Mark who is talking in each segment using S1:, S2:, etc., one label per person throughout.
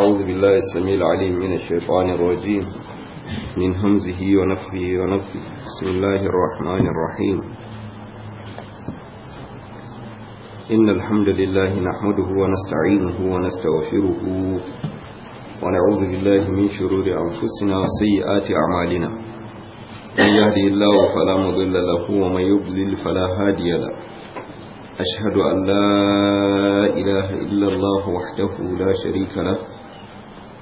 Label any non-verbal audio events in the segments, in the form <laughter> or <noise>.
S1: أعوذ بالله السميع العليم من الشيطان الرجيم من همزه ونفخه ونفخه بسم الله الرحمن الرحيم إن الحمد لله نحمده ونستعينه ونستغفره ونعوذ بالله من شرور أنفسنا وسيئات أعمالنا من يهدي الله فلا مضل له ومن يضلل فلا هادي له أشهد أن لا إله إلا الله وحده لا شريك له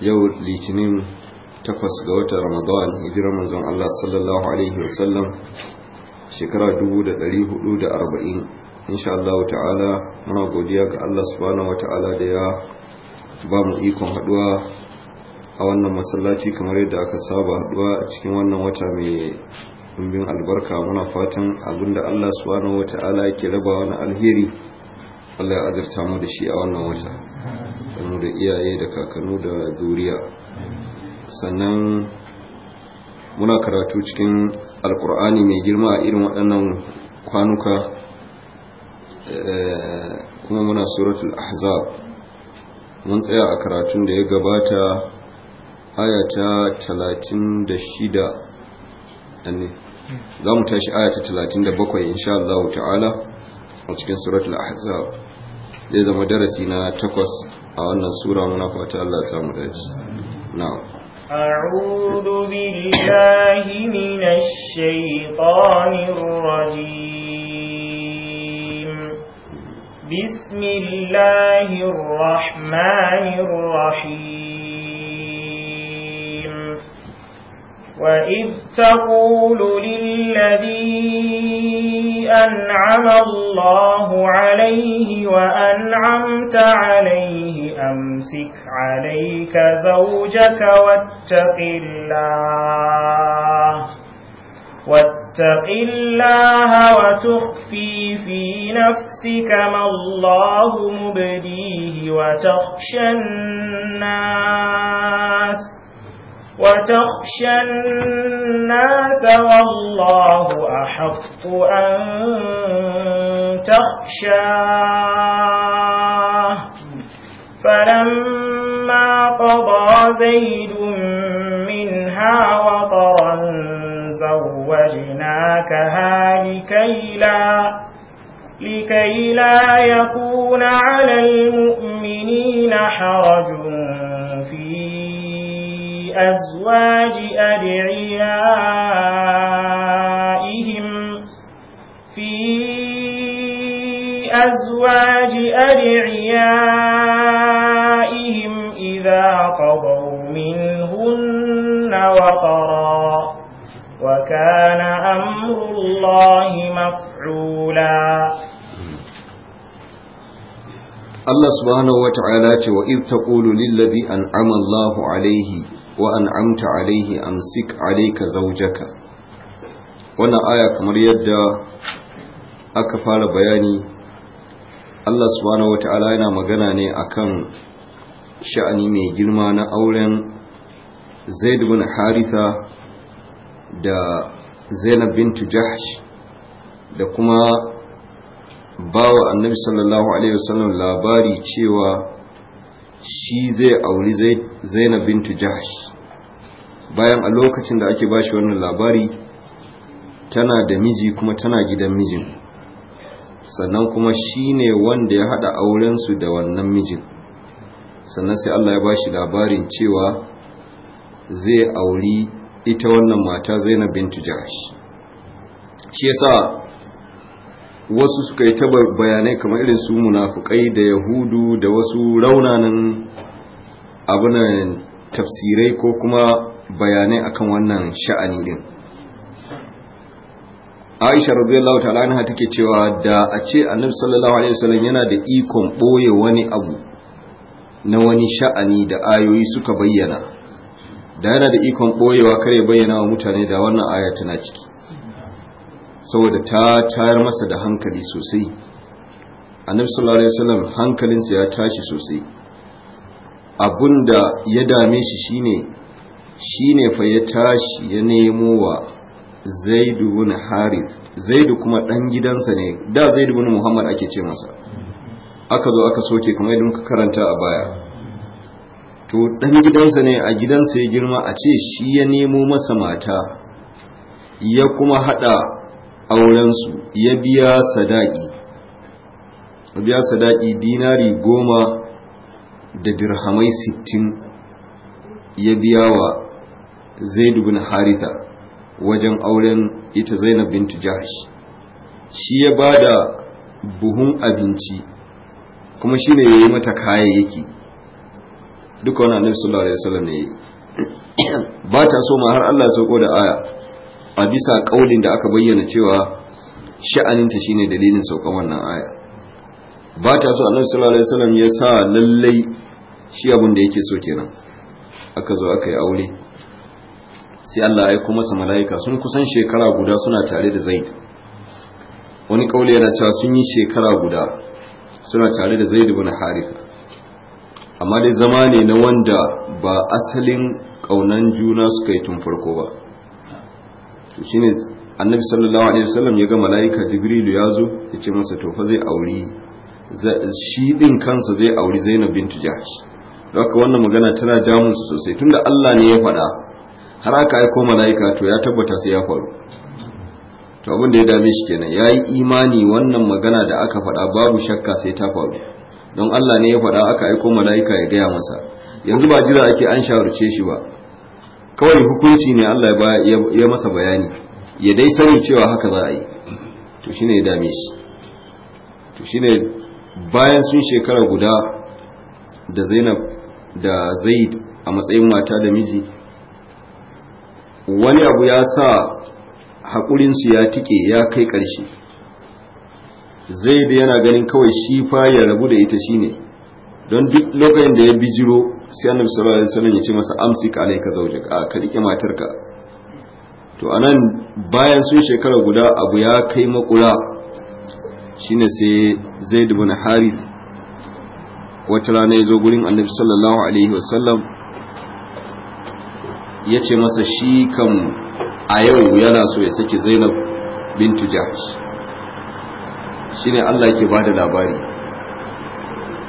S1: yau litinin takwas ga watan ramadan hijirar manzon Allah sallallahu alaihi wasallam shekara 1440 insha Allah ta'ala muna godiya ga Allah subhanahu ta'ala da ya ba mu ikon haduwa a wannan masallaci kamar yadda aka saba haduwa a cikin wannan wata mai ɗumbin albarka muna fatan abinda Allah subhanahu ta'ala yake rabawa na alheri Allah ya azurta mu da shi a wannan wata da da iyaye da kakannu da zuriya sannan muna karatu cikin alkur'ani mai girma a irin waɗannan kwanuka eh, kuma muna suratul ahzab mun tsaya a karatun da ya gabata ta talatin da shida za mu tashi ayata talatin da bakwai insha Allah ta'ala a cikin suratul ahzab zai zama darasi na takwas a wannan sura muna fata Allah ya samu dace na'am
S2: a'udhu billahi minash shaitanir rajim bismillahir rahmanir rahim وإذ تقول للذي أنعم الله عليه وأنعمت عليه أمسك عليك زوجك واتق الله واتق الله وتخفي في نفسك ما الله مبديه وتخشى الناس وتخشى الناس والله أحق أن تخشاه فلما قضى زيد منها وطرا زوجناكها لكي لا لكي لا يكون على المؤمنين حرج في لأزواج أدعيائهم في أزواج أدعيائهم إذا قضوا منهن وطرا وكان أمر الله مفعولا
S1: Allah subhanahu wa ta'ala ce wa iz taqulu lillazi an'ama Allahu alayhi وأنعمت عليه أمسك عليك zaujaka. wannan aya kamar yadda aka fara bayani Allah subhanahu wata'ala yana magana ne a kan sha'ani mai girma na auren Zaid bin Haritha da Zainab bintu Jahsh da kuma bawa Annabi sallallahu alaihi wasallam labari cewa shi zai auri Zainab bintu Jahsh bayan a lokacin da ake bashi wannan labari tana da miji kuma tana gidan mijin sannan kuma shi ne wanda ya hada aurensu da wannan mijin sannan sai Allah ya bashi labarin cewa zai auri ita wannan mata Zainab bintu Jahash shi yasa wasu suka yi taba bayanai kamar irin su munafukai da yahudu da wasu raunanan abunan tafsirai ko kuma bayanai akan wannan sha'ani din Aisha radiyallahu ta'ala anha take cewa da a ce Annabi sallallahu alaihi wasallam yana da ikon boye wani abu na wani sha'ani da ayoyi suka bayyana da yana da ikon boyewa kare bayyana wa mutane da wannan aya tana ciki saboda ta tayar masa da hankali sosai Annabi sallallahu alaihi wasallam hankalinsa ya tashi sosai abunda ya dame shi shine shi ne fa ya tashi ya nemo wa zaidu wani harith zaidu kuma ɗan gidansa ne da zaidu wani muhammad ake ce masa aka zo aka soke kamar yadda muka karanta a baya to ɗan gidansa ne a gidansa ya girma a ce shi ya nemo masa mata ya kuma hada aurensu ya biya sadaki biya sadaki dinari goma da dirhamai sittin ya biya wa zaid ibn haritha wajen auren ita zainab Bintu jahsh shi ya ba da buhun abinci kuma shi ne ya yi mata kayayyaki duka wani annabi sallallahu alaihi wasallam ne <coughs> ba ta so ma har Allah sauko da aya a bisa kaulin da aka bayyana cewa sha'aninta shine dalilin saukan wannan aya ba ta so annabi sallallahu alaihi wasallam ya sa lallai shi abin da yake so kenan aka zo aka yi aure sai Allah ya aika masa mala'ika sun kusan shekara guda suna tare da zaid wani kauli yana cewa sun yi shekara guda suna tare da zaid ibn haritha amma dai zama ne na wanda ba asalin kaunan juna suka yi tun farko ba to shine annabi sallallahu alaihi wasallam ya ga mala'ika jibrilu ya zo ya ce masa to fa zai auri shi din kansa zai auri zainab bintu jahsh haka wannan magana tana damunsa sosai tunda Allah ne ya faɗa har aka aiko mala'ika to ya tabbata sai ya faru to abin da ya dame shi kenan ya yi imani wannan magana da aka faɗa babu shakka sai ta faru don Allah ne ya faɗa aka aiko mala'ika ya gaya masa yanzu ba jira ake an shawarce shi ba kawai hukunci ne Allah ya masa bayani ya dai sani cewa haka za a yi to shine ya dame shi to shine bayan sun shekara guda da Zainab da Zaid a matsayin mata da miji wani abu ya sa haƙurinsu ya tike ya kai ƙarshe zai da yana ganin kawai shi fa ya rabu da ita shi ne don duk lokacin da ya bijiro sai annabi sallallahu alaihi wasallam ya ce masa amsik alayka zawjak a ah, ka rike matarka to anan bayan sun shekara guda abu ya kai makula shine sai zaid ibn harith wata rana ya zo gurin annabi sallallahu alaihi wasallam ya ce masa shi kan a yau yana so ya sake zainab bintu jahash shi ne allah yake ba da labari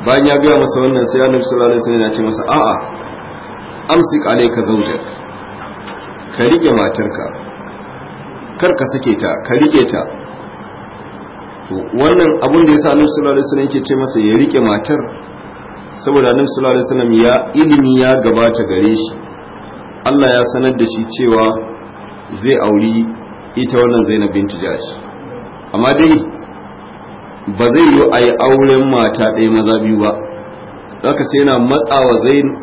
S1: bayan ya gaya masa wannan sai annabi sallallahu alaihi wasallam ya ce masa a'a amsik alayka zawjak ka rike matarka kar ka sake ta ka rike ta to wannan abun da yasa annabi sallallahu alaihi wasallam yake ce masa ya rike matar saboda annabi sallallahu alaihi wasallam ya ilimi ya gabata gare shi Allah ya sanar da shi cewa zai auri ita wannan Zainab bin Jahash amma dai ba zai yi a yi auren mata ɗaya maza biyu ba haka sai yana matsawa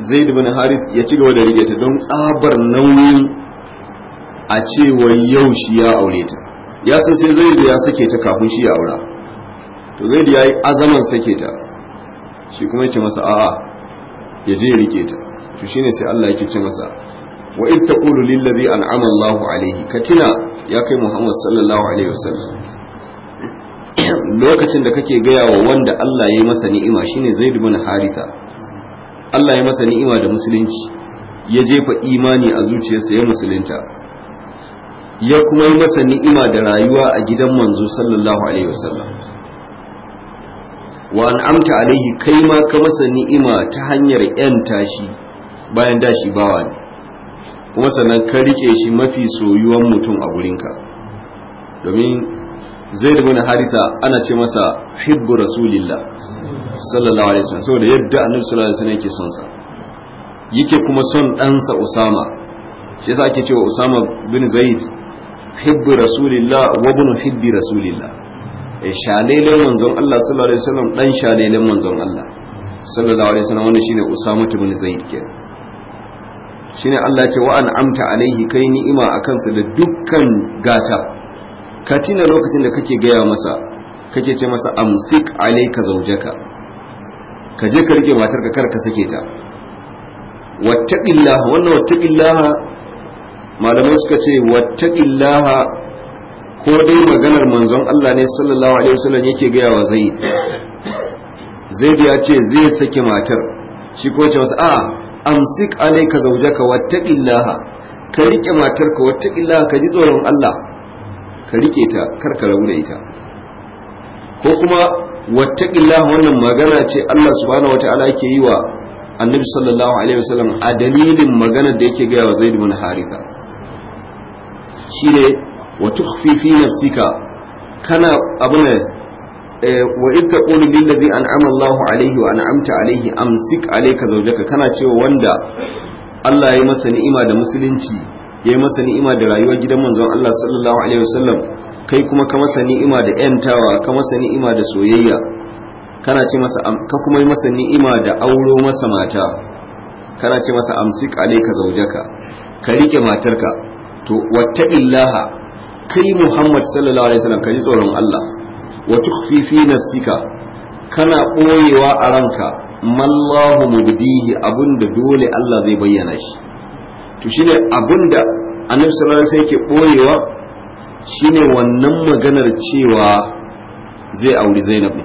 S1: Zaid bin Harith ya ci gaba da rige ta don tsabar nauyin a cewa yau shi ya aure ta ya san sai Zaid ya sake ta kafin shi ya aura to Zaid ya yi azaman sake ta shi kuma ya masa a'a ya je ya rike ta to shine sai Allah yake ce masa wa ta taqulu lillazi ladhi an'ama Allahu ka katina ya kai Muhammad sallallahu alaihi wasallam <clears throat> lokacin da kake gaya wa wanda Allah ya yi masa ni'ima shine Zaid bin Haritha Allah ya masa ni'ima da musulunci ya jefa imani a zuciyarsa ya musulunta ya kuma yi masa ni'ima da rayuwa a gidan manzo sallallahu alaihi wasallam wa an'amta alaihi kai ma ka masa ni'ima ta hanyar 'yan tashi bayan dashi bawa ne kuma sannan ka rike shi mafi soyuwan mutum a gurinka domin zai da wani harita ana ce masa hibbu rasulillah sallallahu alaihi wasallam saboda yadda annabi sallallahu alaihi wasallam yake son sa yake kuma son ɗansa usama shi yasa ake cewa usama bin zaid hibbu rasulillah wa bin hibbi rasulillah e eh, shalele manzon Allah sallallahu alaihi wasallam dan shalele manzon Allah sallallahu alaihi wasallam wannan shine usama bin zaid kenan shine Allah ce wa amta alaihi kai ni'ima a kansa da dukkan gata ka tina lokacin da kake gaya masa kake ce masa amsik alaika zaujaka ka je ka rike matar ka kar ka sake ta wattaqillaha wannan wattaqillaha malamai suka ce wattaqillaha ko dai maganar manzon Allah ne sallallahu alaihi wasallam yake gaya wa zaid zaid ya ce zai sake matar shi ko ce masa a ah, amsik alayka zawjaka wattaqillaha ka rike matarka wattaqillaha ka ji tsoron Allah ka rike ta kar ka rabu ita ko kuma wattaqillaha wannan magana ce Allah subhanahu wataala yake yi wa annabi sallallahu alaihi wasallam a dalilin magana da yake gaya wa zaid bin haritha shine wa tukhfi fi nafsika kana abuna Eh, wa ita taqulu lil ladzi an'ama Allahu alayhi wa an'amta alayhi amsik alayka zaujaka kana cewa wanda Allah ya masa ni'ima da musulunci ya masa ni'ima da rayuwar gidan manzon Allah sallallahu alaihi wasallam kai kuma ka masa ni'ima da yantawa ka masa ni'ima da soyayya kana ce masa ka kuma yi masa ni'ima da auro masa mata kana ce masa amsik alayka zaujaka. ka rike matarka to wattaqillaha kai Muhammad sallallahu alaihi wasallam ka ji tsoron Allah wa tukfi fi nafsika kana ɓoyewa a ranka mallahu mubdihi abinda dole Allah zai bayyana shi to shine abinda annabi sallallahu alaihi wasallam yake boyewa shine wannan maganar cewa zai auri Zainab ne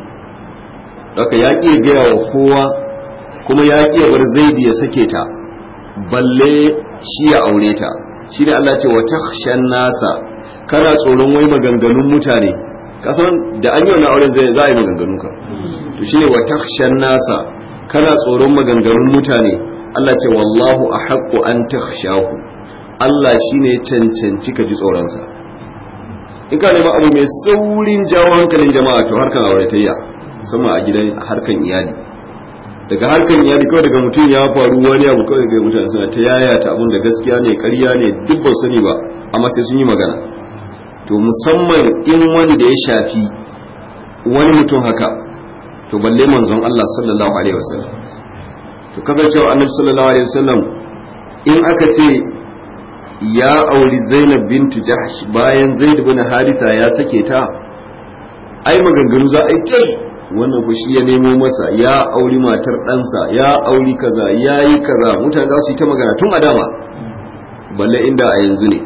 S1: haka ya ƙi gaya wa kowa kuma ya bar zaidi ya sake ta balle shi ya aure ta shine Allah Allah ce wa takhshan nasa kana tsoron wai maganganun mutane kasan da an yi wani auren zai za a yi maganganu ka to shine wa takshan nasa kana tsoron maganganun mutane Allah ce wallahu a haƙƙo an takshahu Allah shi shine cancanci ka ji tsoronsa in ka nema abu mai saurin jawo hankalin jama'a to harkan auratayya sama a gidan harkar iyali daga harkar iyali kawai daga mutum ya faru wani abu kawai daga mutane suna ta yaya ta abun da gaskiya ne ƙarya ne duk ba sani ba amma sai sun yi magana to musamman in wanda ya shafi wani mutum haka to balle manzon Allah sallallahu alaihi wasallam to cewa annabi sallallahu alaihi wasallam in aka ce ya auri Zainab bintu Jahsh bayan Zaid bin Haritha ya sake ta ai maganganu za a yi wannan ku shi ya nemo masa ya auri matar ɗansa ya auri kaza ya yi kaza mutane za su yi ta magana tun a dama balle inda a yanzu ne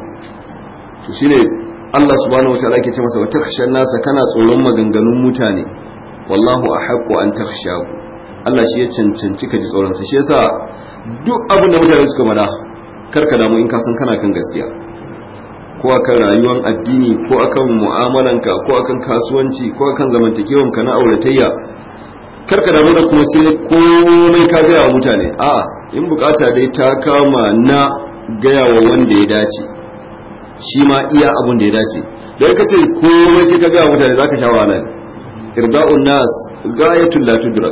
S1: to shine Allah subhanahu wa ta'ala ke ce masa ta takhshan nasa kana tsoron maganganun mutane wallahu ahaqqu an takhshahu Allah shi ya cancanci ka ji tsoron sa shi yasa duk abin da mutane suka mada karka damu in ka san kana kan gaskiya ko akan rayuwar addini ko akan mu'amalanka ko akan kasuwanci ko akan ka na auratayya karka damu da kuma sai komai ka gaya wa mutane a'a in bukata dai ta kama na gaya wa wanda ya dace shi ma iya abun da ya dace don ka ce komai sai ka gaya mutane za ka sha wahala irda'un nas gayatul la tudra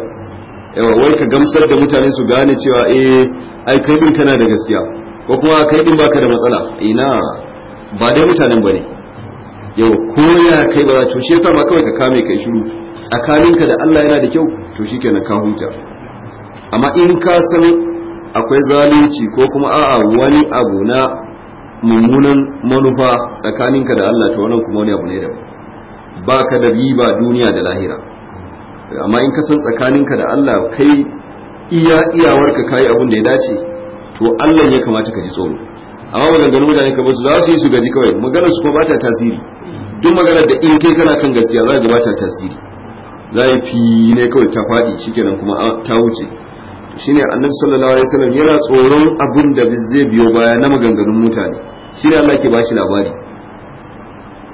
S1: yawa wai ka gamsar da mutane su gane cewa eh ai kai din kana da gaskiya ko kuma kai din baka da matsala ina ba dai mutanen bane yawa ko ya kai ba to shi yasa ma kawai ka kame kai shiru tsakaninka da Allah yana da kyau to shikenan ka huta amma in ka san akwai zalunci ko kuma a'a wani abu na mummunan manufa tsakaninka da Allah to wannan kuma wani abu ne da ba ka da riba duniya da lahira amma in ka san tsakaninka da Allah kai iya iyawarka kayi abin da ya dace to Allah ya kamata ka ji tsoro amma maganganun mutane ka basu za su yi su gaji kawai maganar su kuma ba ta tasiri duk maganar da in kai kana kan gaskiya za ka ba tasiri za ya fi ne kawai ta faɗi shikenan kuma ta wuce shine annabi sallallahu alaihi wasallam yana tsoron abin da zai biyo baya na maganganun mutane shine Allah ke bashi labari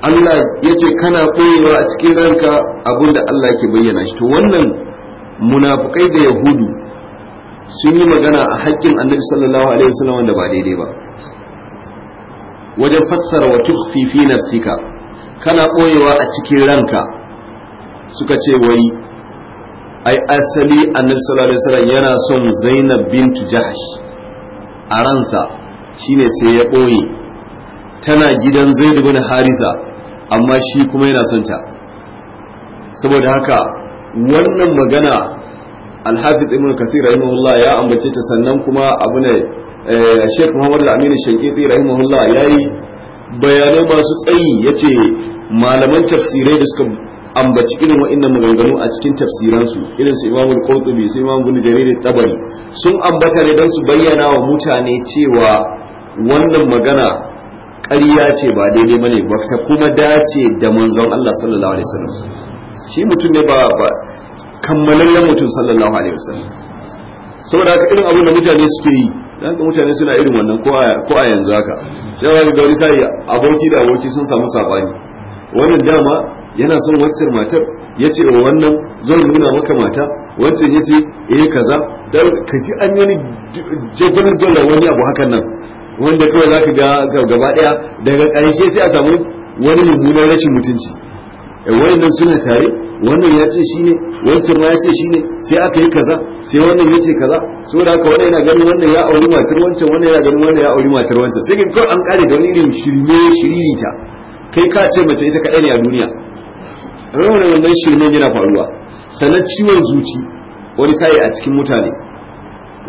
S1: Allah ya ce kana ɓoyewa a cikin ranka abin da Allah ke bayyana shi to wannan munafukai da yahudu sun yi magana a haƙƙin annabi sallallahu alaihi wasallam wanda ba daidai ba wajen fassara wa tukhfi fi nafsika kana ɓoyewa a cikin ranka suka ce wai ai asali annabi sallallahu alaihi wasallam yana son Zainab bintu Jahsh a ransa shine sai ya ɓoye tana gidan zai zaid bin harisa amma shi kuma yana son ta saboda haka wannan magana alhafiz ibn kasir rahimahullah ya ambace ta sannan kuma abu ne eh, sheikh muhammad al-amin shankiti rahimahullah yayi bayanai masu tsayi ya ce malaman tafsirai da suka ambaci irin wa'annan maganganu a cikin tafsiransu irin su imamu al-qurtubi su imamu ibn jarir tabari sun ambata ne don su bayyana wa mutane cewa wannan magana ƙarya ce ba daidai bane ba ta kuma dace da manzon Allah sallallahu alaihi wasallam shi mutum ne ba kammalallen mutum sallallahu alaihi wasallam saboda haka irin abin da mutane suke yi dan ka mutane suna irin wannan ko a yanzu haka sai wani ga wani sai aboki da aboki sun samu sabani wannan dama yana son wancan matar yace wa wannan zan nuna maka mata wancan yace eh kaza dan ka ji an yi jagoran dole wani abu hakan nan wanda kawai zaka ga gaba daya daga karshe sai a samu wani mummunan rashin mutunci eh, nan suna tare wannan ya ce shine wancan ma ya ce shine sai aka yi kaza sai wannan ya ce kaza saboda haka wannan yana ganin wannan ya auri matar wancan wannan yana ganin wannan ya auri matar wancan sai kin kawai an kare da wani irin shirme ta kai ka ce mace ita kadai ne a duniya rawar wannan shirme yana faruwa sannan ciwon zuci wani sai a cikin mutane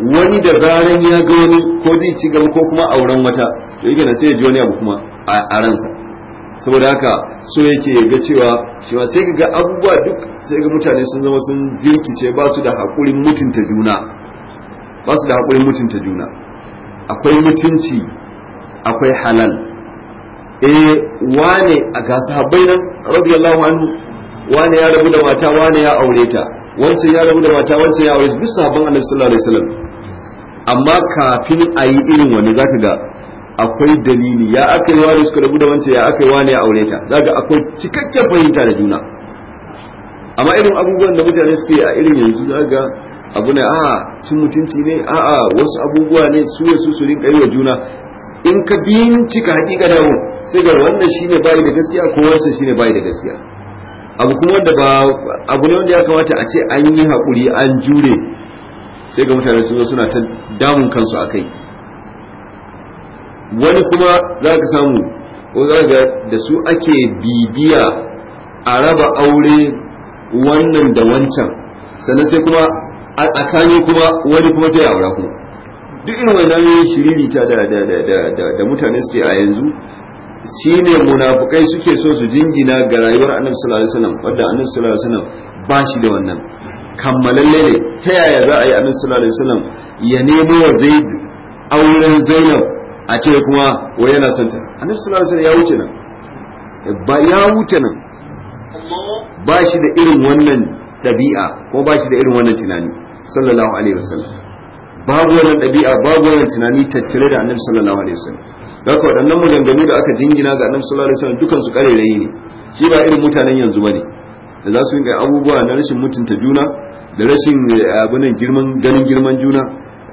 S1: wani da zaran ya ga wani ko zai ci gaba ko kuma auren wata to yake na sai ya ji wani abu kuma a ransa saboda haka so yake ga cewa cewa sai ga abubuwa duk sai ga mutane sun zama sun jirkice ba su da haƙurin mutunta juna ba su da haƙurin mutunta juna akwai mutunci akwai halal eh wane a ga sahabbai nan radiyallahu anhu wane ya rabu da mata wane ya aure ta wancan ya rabu da mata wancan ya aure duk sahabban annabi sallallahu alaihi wasallam amma kafin a yi irin wani zaka ga akwai dalili ya aka yi wani suka rabu da wance ya aka yi wani ya aure ta zaka akwai cikakken fahimta da juna amma irin abubuwan da mutane suke a irin yanzu zaka abu ne a cin mutunci ne a a wasu abubuwa ne su ne su rinka yi wa juna in ka bincika hakika da mu sai ga wannan shine bayi da gaskiya ko wancan shine bayi da gaskiya abu kuma wanda ba abu ne wanda ya kamata a ce an yi haƙuri an jure sai ga mutane sun zo suna ta damun kansu a kai wani kuma za ka samu ko za ga da su ake bibiya a raba aure wannan da wancan sannan sai kuma a tsakani kuma wani kuma sai aura kuma duk irin wannan shiririta da da da da mutane suke a yanzu shine munafukai suke so su jingina ga rayuwar annabi sallallahu alaihi wasallam wanda annabi sallallahu alaihi wasallam ba shi da wannan kammalalle ne ta yaya za a yi annabi sallallahu alaihi wasallam ya nemo wa zaid auren zainab a ce kuma wa yana son ta annabi sallallahu alaihi wasallam ya wuce nan ba ya wuce nan ba shi da irin wannan dabi'a ko ba shi da irin wannan tunani sallallahu alaihi wasallam babu wannan dabi'a babu wannan tunani tattare da annabi sallallahu alaihi wasallam da haka waɗannan maganganu da aka jingina ga annabi sallallahu alaihi wasallam dukan su ƙarerayi ne shi ba irin mutanen yanzu bane da za su yi abubuwa na rashin mutunta juna da rashin eh, abinan girman ganin girman juna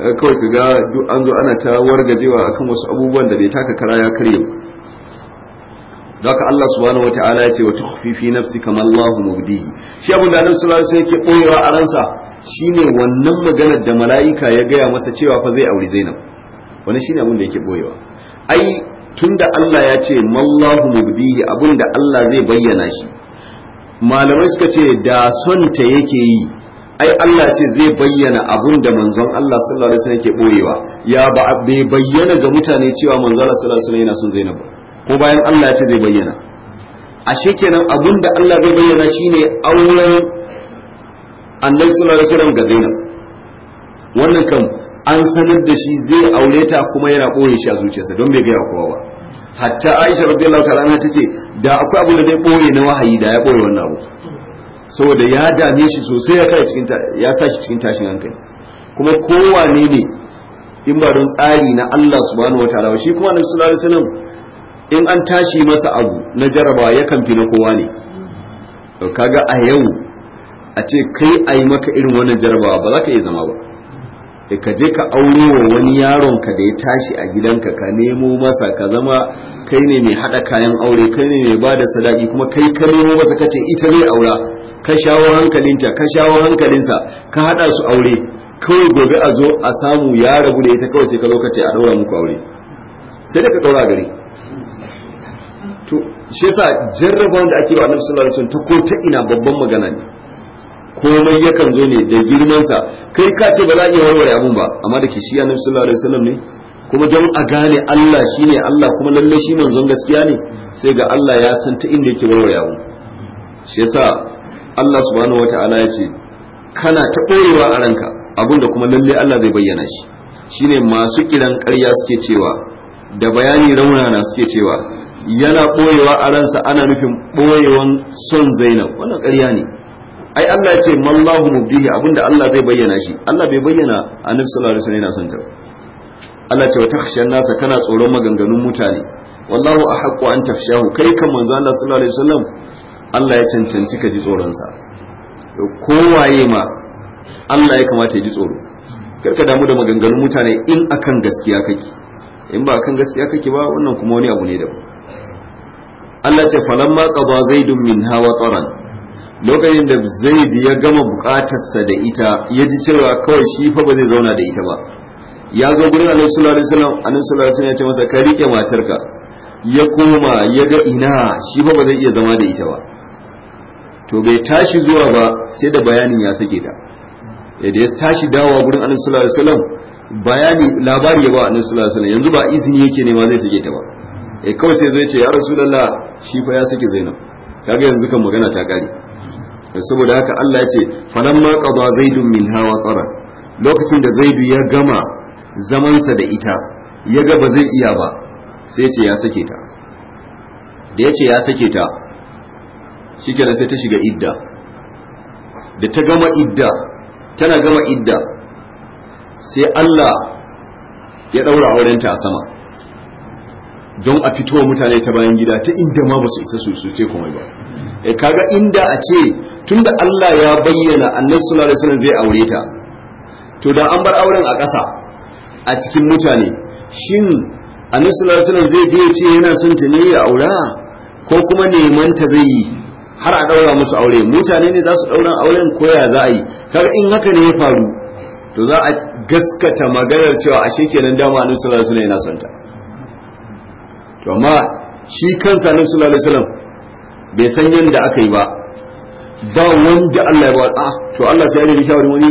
S1: eh, kawai ka ga duk an zo ana ta wargajewa akan wasu abubuwan da bai taka kara ya karye ba ka Allah subhanahu wata'ala ya ce wa tukhfi fi nafsi kama Allah mubdihi shi abin da Annabi sallallahu alaihi wasallam yake koyewa a ransa shine wannan maganar da mala'ika ya gaya masa cewa fa zai auri Zainab wannan shine abin da yake boyewa ai tunda Allah ya ce mallahu mubdihi abun da Allah zai bayyana shi malamai suka ce da son ta yake yi ai Allah ce zai bayyana abun da manzon Allah sallallahu alaihi wasallam yake boyewa ya ba bai bayyana ga mutane cewa manzon Allah sallallahu alaihi wasallam yana son Zainab ko bayan Allah ce zai bayyana ashe kenan abun da Allah zai bayyana shine auren Annabi sallallahu alaihi wasallam ga Zainab wannan kam an sanar da shi zai aure ta kuma yana boye shi a zuciyarsa don bai ga kowa ba hatta aisha radiyallahu ta'ala anha tace da akwai abu da zai boye na wahayi da ya boye wannan abu saboda ya dame shi sosai ya sa cikin ya shi cikin tashin hankali kuma kowane ne in ba don tsari na Allah subhanahu wataala shi kuma annabi sallallahu alaihi wasallam in an tashi masa abu na jarrabawa ya fi na kowa ne to kaga a yau a ce kai a maka irin wannan jarabawa ba za ka iya zama ba da eh, ka je ka aure wa wani yaron ka da ya tashi a gidanka ka nemo masa ka zama kai ne mai hada kayan aure kai ne mai bada sadaki kuma kai ka nemo masa kace ita zai aura ka shawo hankalinta ka shawo hankalinsa ka hada su aure kawai gobe a zo a samu ya rabu da ita kawai sai ka zo ka ce a daura muku aure sai da ka daura gari to shi yasa jarrabawan da ake wa annabi sallallahu alaihi wasallam ta ko ta ina babban magana ne komai yakan zo ne da girmansa kai ka ce ba za a iya warware abun ba amma da ke shi annabi sallallahu alaihi wasallam ne kuma don a gane Allah shine Allah kuma lalle shi manzon gaskiya ne sai ga Allah ya san ta inda yake warware abun. shi yasa Allah subhanahu wataala ya ce kana ta ɓoyewa a ranka abinda kuma lalle Allah zai bayyana shi shine masu kiran ƙarya suke cewa da bayani raunana suke cewa yana ɓoyewa a ransa ana nufin ɓoyewan son Zainab wannan ƙarya ne ai Allah ya ce mallahu mubdihi abinda Allah zai bayyana shi Allah bai bayyana annabi sallallahu alaihi wasallam yana son ta Allah ce wa takhshan nasa kana tsoron maganganun mutane wallahu ahqqu an takhshahu kai kan manzo Allah sallallahu alaihi wasallam Allah ya cancanci ka ji tsoron sa kowaye ma Allah ya kamata ya ji tsoro karka damu da maganganun mutane in akan gaskiya kake in ba akan gaskiya kake ba wannan kuma wani abu ne da Allah ce falamma qada zaidun minha wa taran lokacin da zaid ya gama bukatarsa da ita ya ji cewa kawai shi fa ba zai zauna da ita ba ya zo gurin annabi sallallahu alaihi wasallam annabi sallallahu alaihi wasallam ya ce masa ka rike matarka ya koma ya ga ina shi fa ba zai iya zama da ita ba to bai tashi zuwa ba sai da bayanin ya sake ta da ya tashi dawowa gurin annabi sallallahu alaihi wasallam bayani labari ya ba annabi sallallahu alaihi wasallam yanzu ba izini yake nema zai sake ta ba eh kawai sai zai ce ya rasulullah shi fa ya sake zainab kaga yanzu kan magana ta kare saboda haka Allah ya ce falamma qada zaidun minha wa tara lokacin da zaidu ya gama zamansa da ita ya ga ba zai iya ba sai ya ce ya sake ta da ya ce ya sake ta shikenan sai ta shiga idda da ta gama idda tana gama idda sai Allah ya daura aurenta a sama don a fitowa mutane ta bayan gida ta inda ma ba su isa su ce komai ba e kaga inda a ce Tun da Allah ya bayyana annabi sallallahu alaihi wasallam zai aure ta to da an bar auren a ƙasa a cikin mutane shin annabi sallallahu alaihi wasallam zai je ya ce yana son ta ne ya aura ko kuma neman ta zai yi har a daura musu aure mutane ne za su daura auren ko ya za a yi kaga in haka ne ya faru to za a gaskata maganar cewa ashe kenan dama annabi sallallahu alaihi wasallam yana son ta to amma shi kansa annabi sallallahu alaihi wasallam bai san yadda aka yi ba ba wanda Allah ya ba a to Allah sai ya yi shawarin wani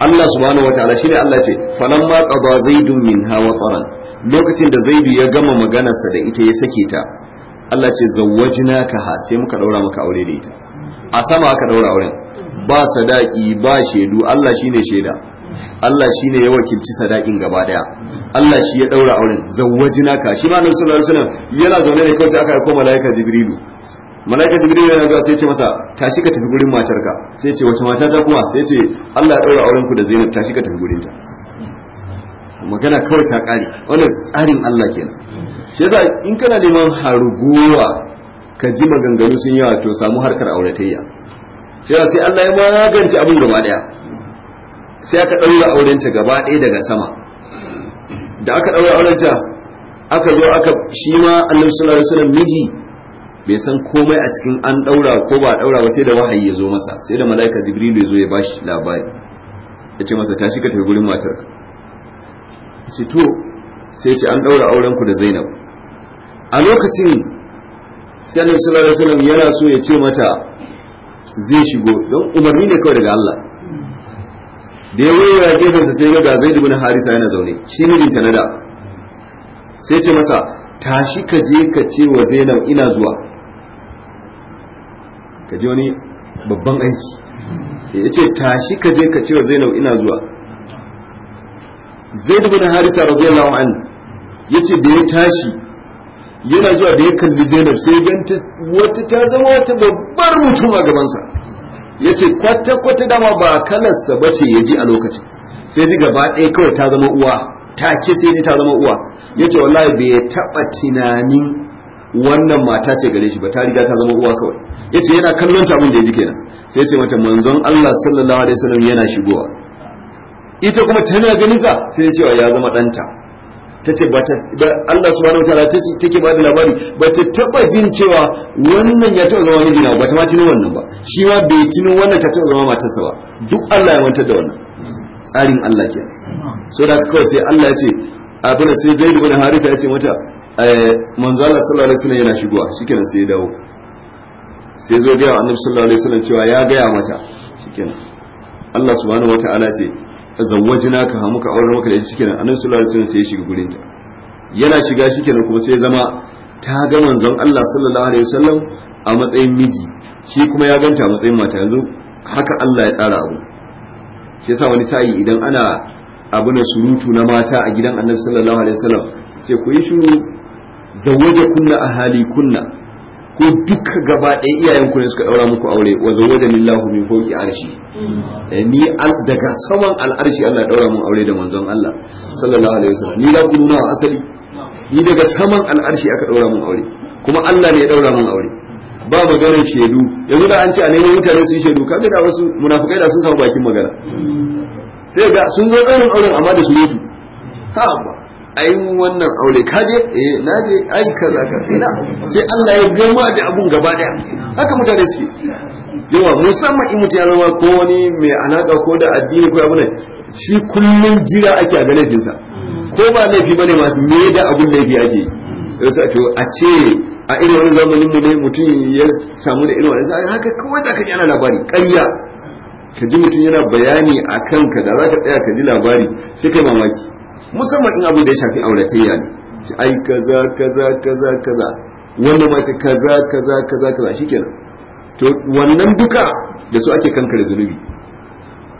S1: Allah subhanahu wataala shine Allah ce falamma qada zaidun minha wataran lokacin da zaidu ya gama maganarsa da ita ya sake ta Allah ce ka ha sai muka daura maka aure da ita a sama aka daura auren ba sadaki ba shaidu Allah shine shaida Allah shine ya wakilci sadakin gaba daya Allah shi ya daura auren zawwajina ka shi ma nan sallallahu alaihi wasallam yana zaune ne kawai sai aka aika malaika Jibrilu malaika jibril yana zuwa sai ce masa tashi ka tafi gurin matar ka sai ce wace mata ta kuma sai ce Allah ya daura auren ku da Zainab tashi ka tafi gurin ta magana kawai ta kare wannan tsarin Allah kenan shi yasa in kana neman haruguwa ka ji maganganu sun yawa to samu harkar auratayya shi yasa sai Allah ya magance abin gaba daya sai aka daura auren ta gaba daya daga sama da aka daura auren ta aka zo aka shi ma Annabi sallallahu alaihi wasallam miji bai san komai a cikin an daura ko ba daura ba sai da wahayi ya zo masa sai da malaika jibrilu ya zo ya bashi labari ya ce masa tashi ka tafi gurin matar ya ce to sai ce an daura auren ku da zainab a lokacin sai annabi sallallahu alaihi wasallam yana so ya ce mata zai shigo don umarni ne kawai daga Allah da ya waiwaya gefensa sai ga zai ibn na harisa yana zaune shi mijinta na da sai ce masa tashi ka je ka ce wa zainab ina zuwa ka je wani babban aiki ya ce tashi ka je ka cewa zainab ina zuwa zainab na harisa lawa an ya ce da ya tashi yana zuwa da ya kalli zainab sai ganta wata ta zama wata babbar mutum a gabansa ya ce kwata-kwata dama ba kalarsa ba ce ya ji a lokacin sai ji gaba ɗaya kawai ta zama uwa take sai ji ta zama uwa ya ce wallahi bai taɓa tunanin wannan mata ce gare shi ba ta riga ta zama uwa kawai yace yana kallon ta abin da ji kenan sai ce mata manzon Allah sallallahu alaihi wasallam yana shigowa ita kuma tana ganin sa sai cewa ya zama danta tace ba ta Allah subhanahu wataala tace take ba da labari ba ta taba jin cewa wannan ya taba zama na ba ta ma tuno wannan ba shi ma bai tuno wannan ta taba zama matarsa ba duk Allah ya mantar da wannan tsarin Allah
S3: kenan
S1: so da kawai sai Allah ya ce abin sai zai da harita ya ce mata Eh, manzo Allah sallallahu alaihi wasallam yana shigowa shikenan sai ya dawo sai zo ga annabi sallallahu alaihi wasallam cewa ya gaya mata shikenan Allah subhanahu wataala ce ka ha muka aure maka da shikenan annabi sallallahu alaihi wasallam sai ya shiga gurin ta yana shiga shikenan kuma sai ya zama ta ga manzon Allah sallallahu alaihi wasallam a matsayin miji shi kuma ya ganta a matsayin mata yanzu haka Allah ya tsara abu shi yasa wani sa'i idan ana abu na surutu na mata a gidan annabi sallallahu alaihi wasallam sai ku yi shuru. zawaje kunna ahali kunna ko duka gaba ɗaya iyayen ne suka daura muku aure wa zawaja lillahu min fawqi arshi hmm. eh, ni daga saman al'arshi Allah ya daura mun aure da manzon Allah sallallahu alaihi wasallam ni da ku asali ni daga saman al'arshi aka daura mun aure kuma Allah ne ya daura mun aure ba maganar shaidu yanzu da an ce a neman mutane sun shaidu ka da wasu munafukai da sun samu bakin magana
S3: hmm.
S1: sai ga sun zo ɗaurin auren amma da su ha ba ai wannan aure kaje eh je. ai kaza ka ina sai Allah ya gama da abun gaba daya haka mutane suke yawa musamman in mutum ya zama ko wani mai alaka ko da addini ko abun shi kullum jira ake a ga laifinsa ko ba laifi bane ma me da abun laifi ake to a ce a irin wani zamanin mu ne mutum ya samu da irin wannan haka kawai zaka ji ana labari ƙarya ka ji mutum yana bayani a ka da za ka tsaya ka ji labari sai kai mamaki musamman in abu da ya shafi auratayya ne ci ai kaza kaza kaza kaza wanda mace kaza kaza kaza kaza shikenan to wannan duka da su ake kankare zunubi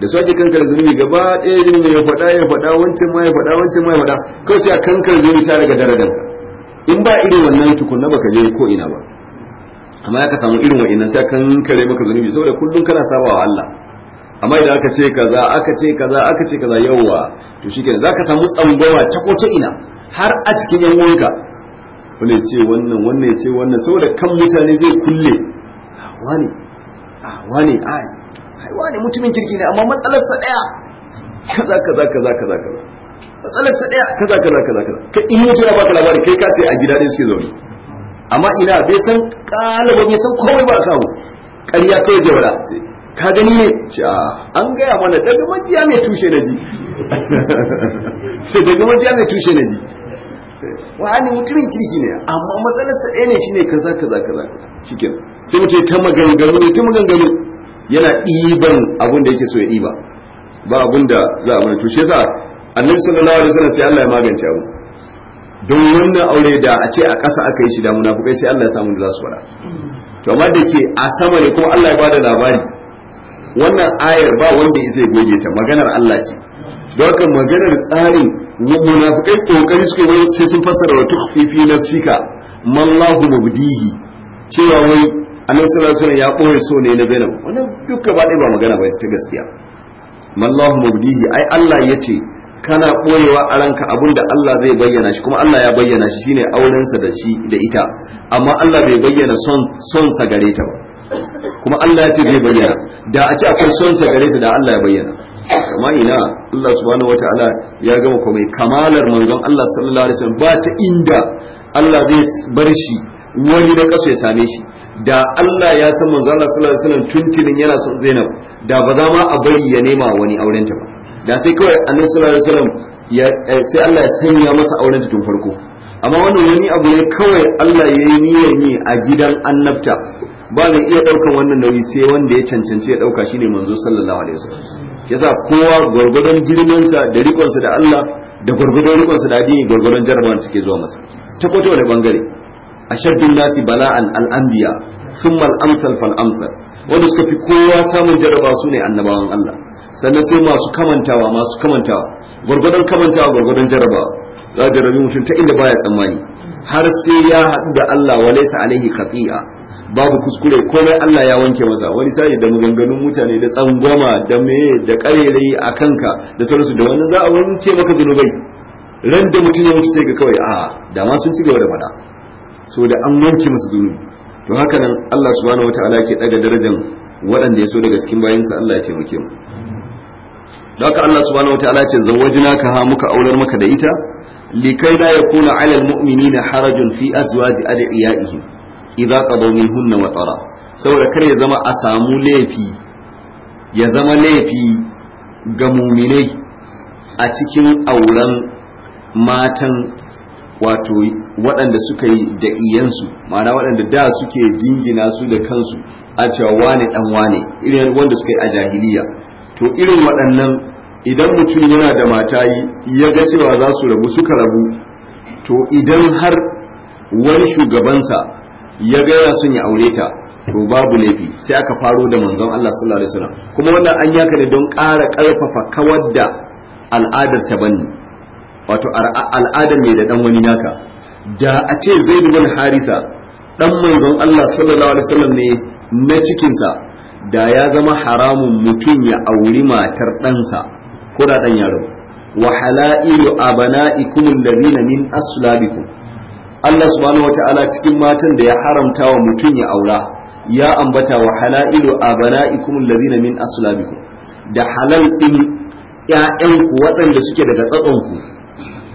S1: da su ake kankare zunubi gaba ɗaya ne ya faɗa ya faɗa wancan ma ya faɗa wancan ma ya faɗa kawai sai a kankare zunubi sai daga ka. in ba irin wannan na baka je ko ina ba amma ya ka samu irin wa'annan sai kankare maka zunubi saboda kullum kana sabawa wa Allah amma idan aka ce kaza aka ce kaza aka ce kaza yawa to shi za zaka samu tsangwama ta ko ta ina har a cikin yan wanka wanda ya ce wannan wannan ya ce wannan saboda kan mutane zai kulle wani a ah, wani a wani mutumin kirki ne amma matsalarsa daya kaza kaza kaza kaza kaza sa daya kaza kaza kaza kaza kai in mutu ya baka labari kai ka ce a gida ne suke zaune amma ina bai san kalaba bai san komai ba kawo ƙarya kai zai wada ka gani ne ce an gaya mana daga majiya mai tushe na ji sai <laughs> daga majiya mai tushe na ji wani mutumin kirki ne amma matsalar sa ɗaya ne shine kaza kaza kaza cikin sai mutum ta maganganu ne ta maganganu yana ɗiban abin da yake so ya ɗiba ba abin da za a mana tushe sa annabi sallallahu alaihi wasallam sai Allah ya magance abu don wannan aure da a ce a ƙasa aka yi shi da munafukai sai Allah ya samu da za su fara to amma da ke a sama ne kuma Allah ya bada labari wannan ayar ba wanda zai goge ta maganar Allah ce don haka maganar tsarin munafikai kokari suke wai sai sun fassara wa na nafsika mallahu mubdihi cewa wai annabi sallallahu alaihi ya boye so ne na zainab wannan duk ba ba magana ba ta gaskiya mallahu mubdihi ai Allah yace kana koyewa a ranka abun da Allah zai bayyana shi kuma Allah ya bayyana shi shine aurensa da shi da ita amma Allah bai bayyana son son sa gare ta ba kuma Allah ya ce zai bayyana da a ce akwai son sa gare su da Allah ya bayyana amma ina Allah subhanahu wataala ya gama kuma kamalar manzon Allah sallallahu alaihi wasallam ba ta inda Allah zai bar shi wani na kaso ya same shi da Allah ya san manzon Allah sallallahu alaihi wasallam tuntunin yana son Zainab da ba za ma a bari ya nema wani auren ta ba da sai kawai Annabi sallallahu alaihi wasallam eh, sai Allah ya sanya masa auren ta tun farko amma wannan wani abu ne kawai Allah ya yi niyyar yi a gidan annabta ba mai iya ɗaukar wannan nauyi sai wanda ya cancanci ya ɗauka shine manzo sallallahu alaihi wasallam yasa kowa gwargwadon girmansa da rikonsa da Allah da gwargwadon rikonsa da addini gwargwadon jarabawan suke zuwa masa ta kwato da bangare ashaddun nasi bala'an al-anbiya thumma al-amsal fal amsal wanda suka fi kowa samun jaraba su ne annabawan Allah sannan sai masu kamantawa masu kamantawa gwargwadon kamantawa gwargwadon jarabawa za rabi mutum ta inda baya tsammani har sai ya haɗu da Allah wa laysa alaihi khati'a babu kuskure komai Allah ya wanke masa wani sai da maganganun mutane da tsangwama da me da karerai a kanka da sauransu da wannan za a wanke maka zunubai ran da mutum ya mutu sai ga kawai a da ma sun ci gaba da faɗa da an wanke masa zunubi to haka nan Allah subhanahu wataala yake daga darajar waɗanda ya so daga cikin bayinsa Allah ya taimake mu da haka Allah subhanahu wataala ce ka ha muka aurar maka da ita likai la yakuna ala almu'minina harajun fi azwaji adiyaihim idza qadaw minhunna wa tara saboda kar ya zama a samu laifi ya zama laifi ga muminai a cikin auren matan wato waɗanda suka yi da ma'ana waɗanda da suke jingina su da kansu a ɗanwane, wane ɗan wanda suka a jahiliya to irin waɗannan idan mutum yana da mata ya ga cewa za su rabu suka rabu to idan har wani shugabansa ya ga yana son ya aure ta to babu laifi sai aka faro da manzon Allah sallallahu alaihi wasallam kuma wannan an yaka ne don ƙara ƙarfafa kawar da al'adar ta banni wato al'adar mai da dan wani naka da a ce zai bin harisa dan manzon Allah sallallahu alaihi wasallam ne na cikinsa da ya zama haramun mutum ya auri matar ɗansa ko dan yaro wa halailu abana'ikum alladhina min aslabikum Allah subhanahu wata'ala cikin matan da ya haramta wa mutum ya aura ya ambata wa halailu abana'ikum alladhina min aslabikum da halal din ku waɗanda suke daga tsatson ku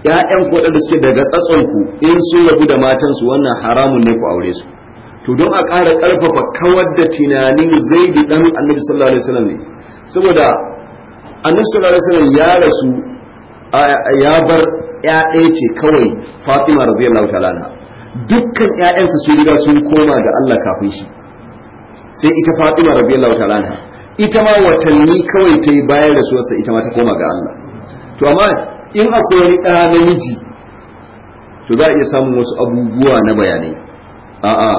S1: tsatsonku ku waɗanda suke daga tsatson ku in sun rabu da matan su wannan haramun ne ku aure su to don a ƙara ƙarfafa kawar da tunanin zai bi ɗan annabi sallallahu alaihi wasallam ne saboda annabi sallallahu alaihi ya rasu ya bar ya ce kawai fatima radiyallahu ta'ala dukkan ƴaƴansa su riga sun koma ga Allah kafin shi sai ita fatima radiyallahu ta'ala ita ma watanni kawai ta yi bayan rasuwarsa ita ma ta koma ga Allah to amma in akwai wani ɗa namiji to za a iya samun wasu abubuwa na bayanai a'a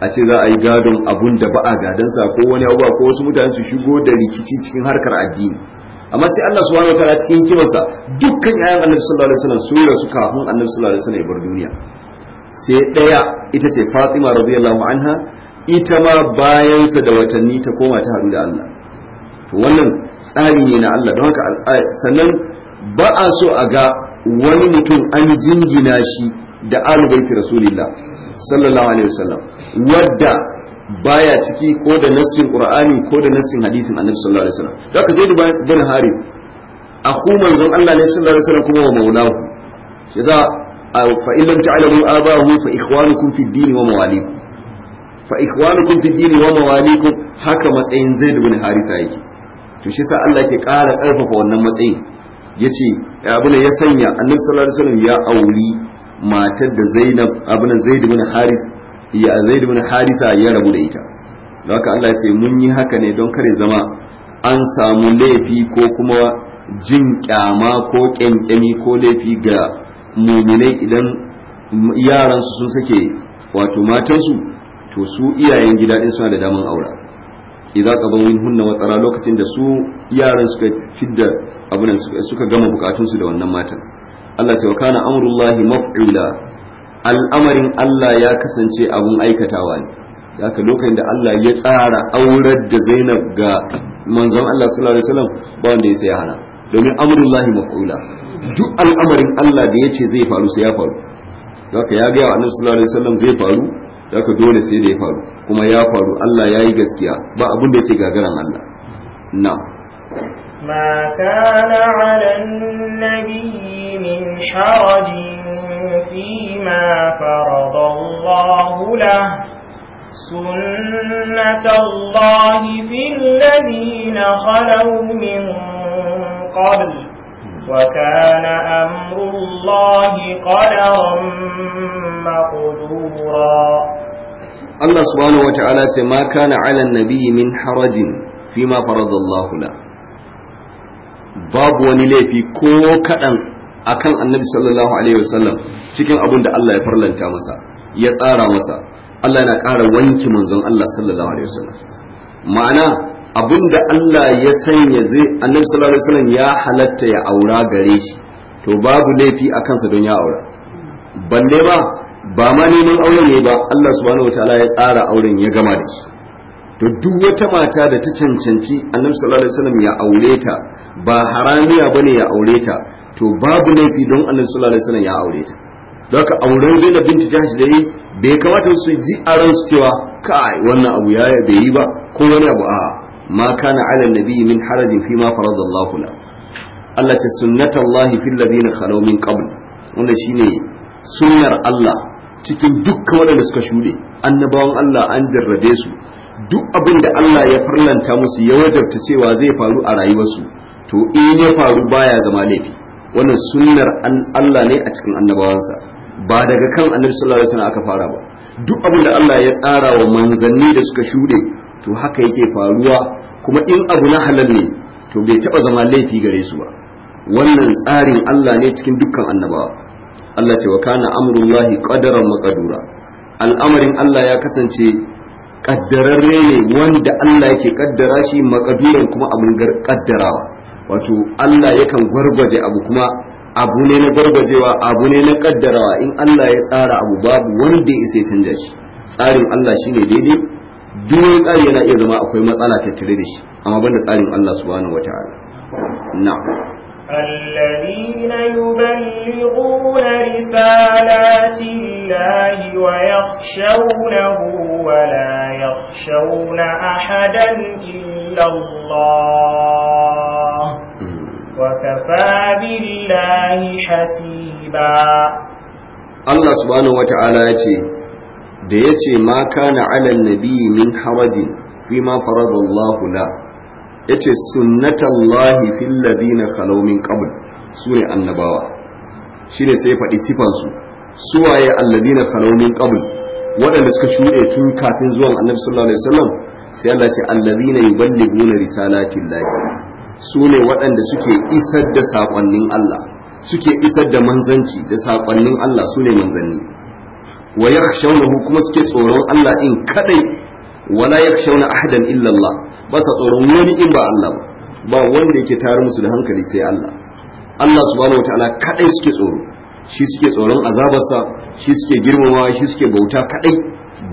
S1: a ce za a yi gadon abun da ba a gadansa ko wani abuwa ko wasu mutane su shigo da rikici cikin harkar addini amma sai Allah subhanahu ta'ala cikin hikimarsa dukkan yayan annabi sallallahu alaihi wasallam sun rasu kafin annabi sallallahu alaihi wasallam ya bar duniya sai daya ita ce Fatima radiyallahu anha ita ma bayansa da watanni ta koma ta haɗu da Allah to wannan tsari ne na Allah don haka sannan ba a so a ga wani mutum an jingina shi da alu baiti rasulillah sallallahu alaihi wasallam wadda baya ciki ko da nassin qur'ani ko da nassin hadisin annabi sallallahu alaihi wasallam zaka zai duba bin harith ku manzon Allah ne sallallahu alaihi wasallam kuma wa maulahu shi za fa in lam ta'lamu abahu fa ikhwanukum fi din wa mawalikum fa ikhwanukum fi din wa mawalikum haka matsayin zaid bin haritha yake to shi sa Allah ke ƙara ƙarfafa wannan matsayin yace abuna ya sanya annabi sallallahu alaihi wasallam ya auri matar da Zainab abuna Zaid bin Harith ya zai ibn harisa ya rabu da ita don haka Allah ya ce mun yi haka ne don kare zama an samu laifi ko kuma jin kyama ko kyankyami ko laifi ga muminai idan yaransu sun sake wato matansu to su iyayen gida din suna da daman aura idza qadaw minhunna wa lokacin da su yaran suka fidda abunan suka gama bukatunsu da wannan matan Allah ta wa kana amrullahi maf'ula al'amarin Allah ya kasance abun aikatawa ne ka lokacin da Allah ya tsara aurar da Zainab ga manzon Allah sallallahu alaihi wasallam ba wanda ya sai hana domin lahi maf'ula duk al'amarin Allah da yace zai faru sai ya faru haka ya ga annabi sallallahu alaihi wasallam zai faru haka dole sai da ya faru kuma ya faru Allah yayi gaskiya ba abun da yake gagaran Allah na'am
S2: ما كان على النبي من حرج فيما فرض الله له سنة الله في الذين خلوا من قبل وكان أمر الله قدرا مقدورا
S1: الله سبحانه وتعالى ما كان على النبي من حرج فيما فرض الله له babu wani laifi ko kaɗan akan annabi sallallahu alaihi wasallam cikin abin da Allah ya farlanta masa ya tsara masa Allah yana ƙara wanki manzon Allah sallallahu alaihi wasallam ma'ana abin da Allah ya sanya zai annabi sallallahu alaihi wasallam ya halatta ya aura gare shi to babu laifi a kansa don ya aura balle ba ba ma neman auren ne ba Allah subhanahu wataala ya tsara auren ya gama da shi to duk wata mata da ta cancanci annabi sallallahu alaihi wasallam ya aure ta ba haramiya bane ya aure ta to babu laifi don annabi sallallahu alaihi wasallam ya aure ta don ka auren Zainab binti Jahsh da yi bai kamata su ji a su cewa kai wannan abu ya bai yi ba ko wani abu a ma kana ala nabi min harajin fi ma faradallahu la Allah ta sunnata Allah fi alladhina khalaw min qabl wannan shine sunnar Allah cikin dukkan da suka shuɗe annabawan Allah an jarrabe su duk abin da Allah ya farlanta musu ya wajabta cewa zai faru a rayuwarsu to in ya faru baya zama laifi wannan sunnar Allah ne a cikin annabawansa ba daga kan annabi sallallahu alaihi aka fara ba duk abin da Allah ya tsara wa manzanni da suka shude to haka yake faruwa kuma in abu na halal ne to bai taba zama laifi gare su ba wannan tsarin Allah ne cikin dukkan annabawa Allah ce wa kana amrullahi qadaran maqdura al'amarin Allah ya kasance kaddararre ne wanda Allah yake kaddara shi makaduran kuma abin kaddarawa wato Allah yakan gwargwaje abu kuma abu ne na gwargwajewa abu ne na kaddarawa in Allah ya tsara abu babu wanda ya isa canja shi tsarin Allah shine daidai duk wani tsari yana iya zama akwai matsala tattare da shi amma banda tsarin Allah subhanahu wataala na'am
S2: الذين يبلغون رسالات الله ويخشونه ولا يخشون أحدا إلا الله وكفى بالله حسيبا
S1: الله سبحانه وتعالى da ya ce ma kana alal nabi min harajin fi ma farada Allah la yace sunnatallahi fil ladina khalaw min qabl sune annabawa shine sai faɗi sifan su suwaye alladina khalaw min qabl waɗanda suka shuɗe tun kafin zuwan annabi sallallahu alaihi wasallam sai Allah ce alladina yuballighuna Su sune waɗanda suke isar da sakonnin Allah suke isar da manzanci da sakonnin Allah sune manzanni wa yakhshawnahu kuma suke tsoron Allah in kadai wala yakhshawna ahadan illa Allah ba tsoron wani in ba Allah ba ba wanda yake tare musu da hankali sai Allah Allah subhanahu wataala kadai suke tsoro shi suke tsoron azabarsa shi suke girmamawa shi suke bauta kadai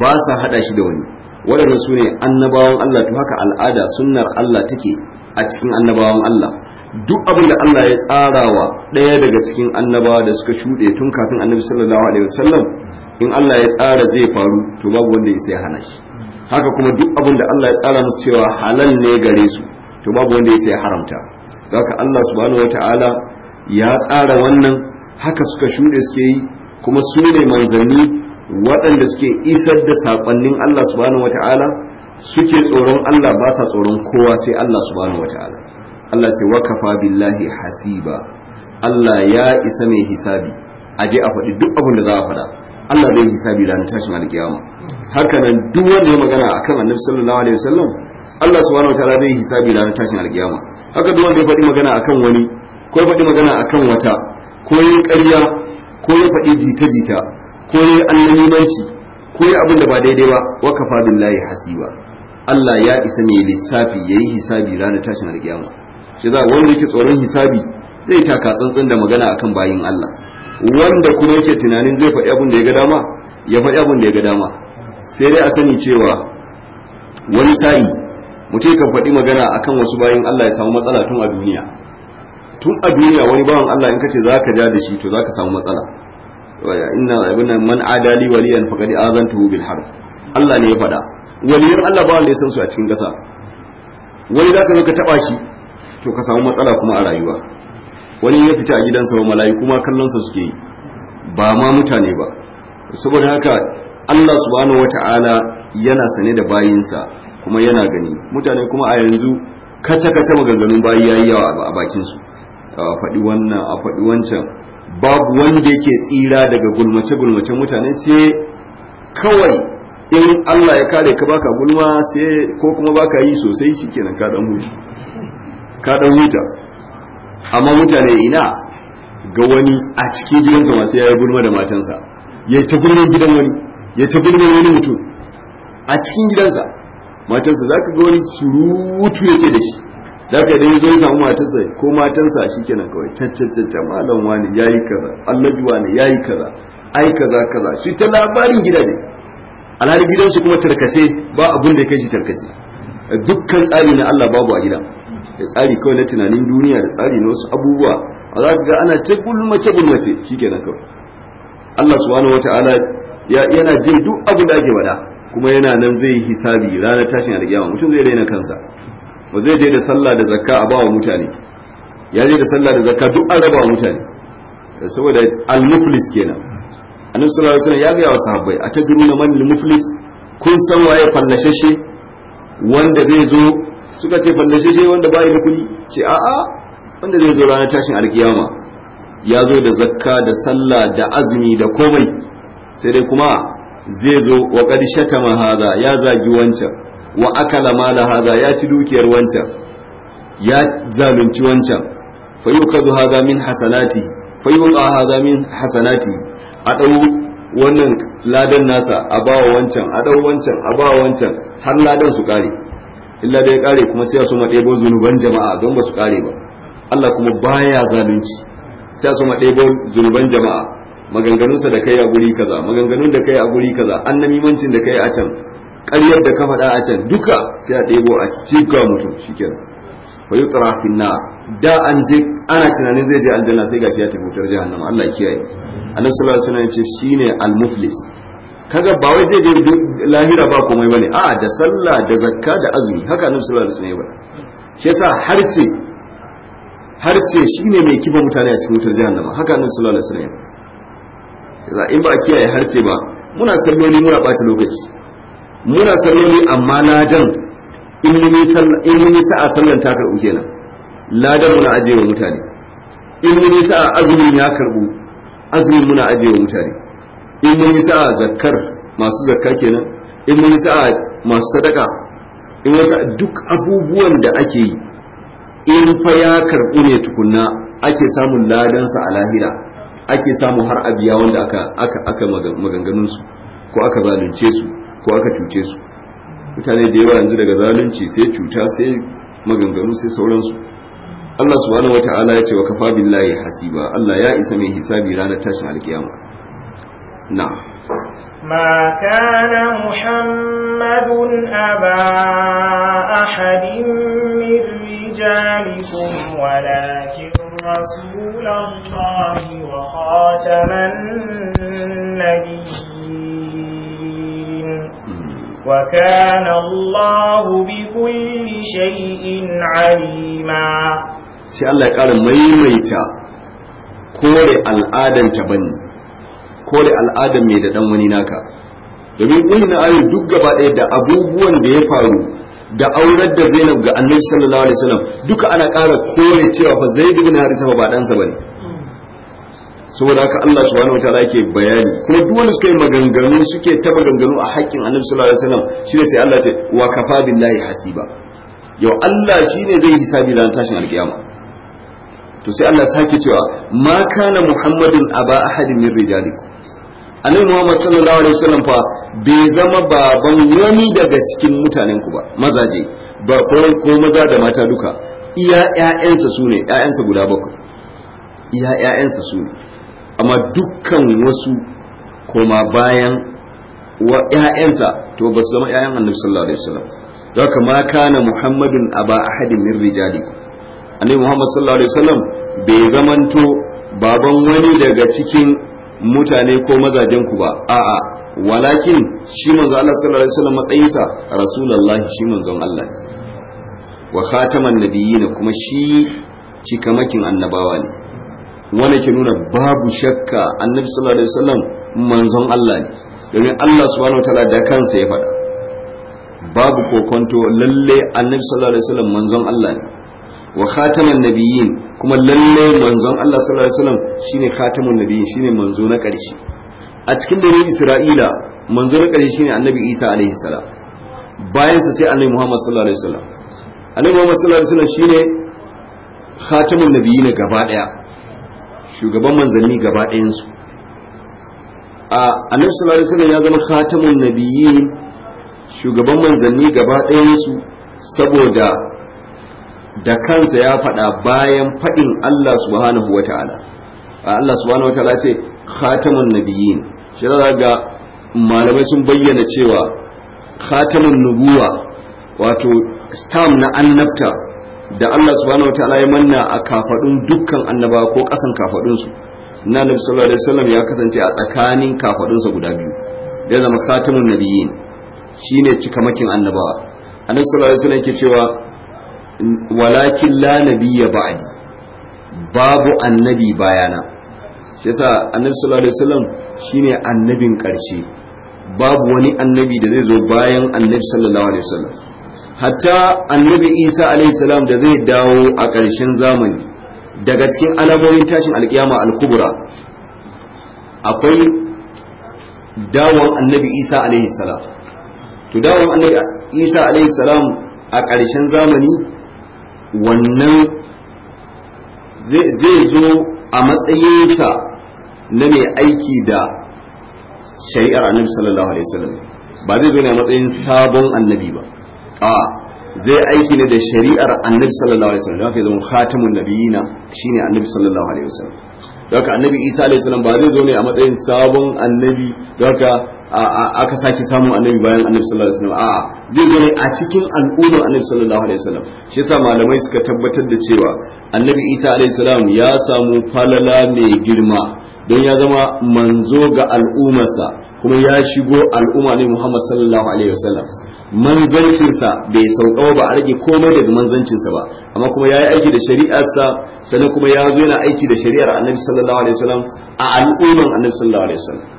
S1: ba sa hada shi da wani waɗannan su ne annabawan Allah to haka al'ada sunnar Allah take a cikin annabawan Allah duk abin da Allah ya tsara wa ɗaya daga cikin annabawa da suka shuɗe tun kafin annabi sallallahu alaihi wasallam in Allah ya tsara zai faru to babu wanda ya hana shi haka kuma duk abin da Allah ya tsara musu cewa halal ne gare su to babu wanda ya sai haramta haka Allah subhanahu wataala ya tsara wannan haka suka shuɗe suke yi kuma su ne manzanni waɗanda suke isar da saƙonnin Allah subhanahu wataala suke tsoron Allah ba sa tsoron kowa sai Allah subhanahu wataala Allah ce wakafa billahi hasiba Allah ya isa mai hisabi je a faɗi duk abin da za a faɗa Allah zai hisabi da tashin alƙiyama haka nan duk wanda ya magana akan annabi sallallahu alaihi wasallam Allah subhanahu wataala zai hisabi ranar tashin alkiyama haka duk wanda ya faɗi magana akan wani ko ya faɗi magana akan wata ko ya ƙarya ko ya faɗi jita-jita ko ya annalimanci ko ya abin da ba daidai ba wakafa kafa billahi hasiba Allah ya isa mai lissafi yayi hisabi ranar tashin alkiyama shi za wanda yake tsoron hisabi zai taka tsantsan da magana akan bayin Allah wanda kuma yake tunanin zai faɗi abin da ya ga dama ya faɗi abin da ya ga dama sai dai a sani cewa wani sa'i mutum kan faɗi magana a kan wasu bayan Allah ya samu matsala tun a duniya tun a duniya wani bawan Allah in kace za ka ja da shi to za ka samu matsala inna ibn man adali waliyan faqad azantu bil harb Allah ne ya faɗa waliyan Allah ba wanda ya san su a cikin gasa wani za ka zo ka taba shi to ka samu matsala kuma a rayuwa wani ya fita a gidansa ba mala'iku ma sa suke yi ba ma mutane ba saboda haka Allah subhanahu wata'ala yana sane da bayinsa kuma yana gani mutane kuma a yanzu kace-kace maganganun bayi yayi yawa a bakin su a faɗi wannan a faɗi wancan babu wanda yake tsira daga gulmace-gulmacen mutane sai kawai in Allah ya kare ka baka gulma sai ko kuma baka yi sosai shikenan ka dan huta ka dan huta amma mutane ina ga wani a cikin gidansa masu yayi gulma da matansa yayi ta gulman gidan wani ya ta birnin wani mutum a cikin gidansa matarsa za ka ga wani surutu yake da shi da ka yi zo ya samu matarsa ko matansa shi kenan kawai caccacacca malam wani ya yi kaza allajuwa wani ya yi kaza ai kaza kaza shi ta labarin gida ne alhali gidansu kuma tarkace ba abin da ya kai shi tarkace dukkan tsari na Allah babu a gida da tsari kawai na tunanin duniya da tsari na wasu abubuwa a za ka ga ana ta gulmace gulmace shi kenan kawai Allah subhanahu ala. yana jin duk abin da ake faɗa kuma yana nan zai yi hisabi ranar tashin alƙiyama mutum zai daina kansa ba zai je da sallah da zakka a bawa mutane ya je da sallah da zakka duk an raba wa mutane saboda al-muflis kenan annabi sallallahu alaihi wasallam ya ga wa sahabbai atadruna man al-muflis kun san waye fallashashe wanda zai zo suka ce fallashashe wanda bai da kuɗi ce a'a wanda zai zo ranar tashin alkiyama ya zo da zakka da sallah da azumi da komai sai dai kuma zai zo wa shata ma haza ya zagi wancan wa akala mala haza ya ci dukiyar wancan ya zalunci wancan fa yukazu haza min hasanati fa yuqa haza min hasanati a dau wannan ladan nasa a bawa wancan a dau wancan a bawa wancan har ladan su kare illa dai kare kuma sai su maɗebo zunuban jama'a don ba su kare ba Allah kuma baya zalunci sai su maɗebo zunuban jama'a maganganunsa da kai a guri kaza maganganun da kai a guri kaza annamimancin da kai a can ƙaryar da ka faɗa a can duka sai a ɗebo a cika mutum shikenan fa yutra fi da an je ana tunanin zai je aljanna sai gashi ya tafi wutar jahannama Allah kiyaye annabi sallallahu alaihi wasallam ya ce shine al-muflis kaga ba wai zai je lahira ba komai bane a'a da sallah da zakka da azumi haka annabi sallallahu alaihi wasallam ya ba shi yasa har ce shine mai kiba mutane a cikin wutar jahannama haka annabi sallallahu alaihi wasallam in ba a kiyaye harce ba muna salloli muna ɓata lokaci muna salloli amma ladan in mun yi sa'a sallan ta karɓu kenan ladan muna ajiyewa mutane in mun yi sa'a azumin ya karɓu azumin muna ajiyewa mutane in mun yi sa'a zakkar masu zakka kenan in mun yi sa'a masu sadaka in wasa duk abubuwan da ake yi in fa ya karɓu ne tukunna ake samun ladansa a lahira ake samu har abiya wanda aka aka aka maganganun su ko aka zalunce su ko aka cuce su mutane da yawa yanzu daga zalunci sai cuta sai maganganu sai sauransu Allah subhanahu wata'ala ya ce wa kafa billahi hasiba Allah ya isa mai hisabi ranar tashin alkiyama na'am
S2: ما كان محمد أبا أحد من رجالكم ولكن رسول الله وخاتم النبيين وكان الله بكل شيء عليما
S1: سي الله يقال ميميتا كوري الآدم تبني kore al'adar mai da dan wani naka domin ɗin na ayu duk gaba ɗaya da abubuwan da ya faru da aurar da zainab ga annabi sallallahu alaihi wasallam duka ana ƙara kore cewa fa zaid ibn harisa ba ɗansa bane saboda haka Allah subhanahu wataala yake bayani kuma duk wanda suka yi maganganu suke ta maganganu a haƙƙin annabi sallallahu alaihi wasallam shine sai Allah ce wa kafa billahi hasiba yau Allah shine zai hisabi da tashin alkiyama to sai Allah sake cewa ma kana muhammadun aba ahadin min rijalikum annabi Muhammad sallallahu alaihi wasallam fa bai zama baban wani daga cikin mutanen ku ba mazaje ba ko maza da mata duka iya ƴaƴansa su ne ƴaƴansa guda bakwai iya ƴaƴansa su ne amma dukkan wasu koma bayan wa ƴaƴansa to ba su zama ƴaƴan annabi sallallahu alaihi wasallam haka ma kana muhammadun aba ahadin min rijalikum annabi muhammad sallallahu alaihi wasallam bai zamanto baban wani daga cikin mutane ko mazajen ku ba a'a walakin shi manzo Allah sallallahu alaihi wasallam matsayinsa rasulullahi shi manzon Allah wa khataman nabiyina kuma shi cikamakin annabawa ne wanda ke nuna babu shakka annabi sallallahu alaihi wasallam manzon Allah ne domin Allah subhanahu wataala da kansa ya faɗa babu kokonto lalle annabi sallallahu alaihi wasallam manzon Allah ne wa khataman nabiyyin kuma lalle manzon Allah sallallahu alaihi wasallam shine khatamun nabiyyin shine manzo na ƙarshe a cikin dare Isra'ila manzo na ƙarshe shine annabi Isa alaihi salam bayan sa sai annabi Muhammad sallallahu alaihi wasallam annabi Muhammad sallallahu alaihi wasallam shine khatamun nabiyyin gaba daya shugaban manzanni gaba ɗayan su a annabi sallallahu alaihi wasallam ya zama khatamun nabiyyin shugaban manzanni gaba ɗayan su saboda da kansa ya faɗa bayan faɗin Allah subhanahu wata'ala Allah subhanahu wata'ala ce khatamun nabiyyin shi ga malamai sun bayyana cewa khatamun nubuwa wato stam na annabta da Allah subhanahu wata'ala ya manna a kafadun dukkan annaba ko kasan kafadun su na nabi sallallahu alaihi wasallam ya kasance a tsakanin kafadun sa guda biyu ya zama khatamun nabiyyin shine cikamakin annabawa annabi sallallahu alaihi wasallam yake cewa walakin la nabiyya ba'di babu annabi bayana shi yasa annabi sallallahu alaihi wasallam shine annabin karshe babu wani annabi da zai zo bayan annabi sallallahu alaihi wasallam hatta annabi isa alaihi salam da zai dawo a ƙarshen zamani daga cikin alamomin tashin alkiyama al-kubra akwai dawon annabi isa alaihi salam to dawon annabi isa alaihi salam a ƙarshen zamani wannan zai zo a matsayinsa na mai aiki da shari'ar annabi sallallahu alaihi wasallam ba zai zo ne a matsayin sabon annabi ba a zai aiki ne da shari'ar annabi sallallahu alaihi wasallam haka zama khatamun nabiyina shine annabi sallallahu alaihi wasallam haka annabi isa alaihi salam ba zai zo ne a matsayin sabon annabi haka aka sake samun annabi bayan annabi sallallahu alaihi wasallam a'a zai zo a cikin al'ummar annabi sallallahu alaihi wasallam shi yasa malamai suka tabbatar da cewa annabi isa alaihi salam ya samu falala mai girma don ya zama manzo ga al'ummarsa kuma ya shigo al'umma ne muhammad sallallahu alaihi wasallam manzancinsa bai sauka ba a rage komai daga manzancinsa ba amma kuma ya yi aiki da shari'arsa sannan kuma ya zo yana aiki da shari'ar annabi sallallahu alaihi wasallam a al'umman annabi sallallahu alaihi wasallam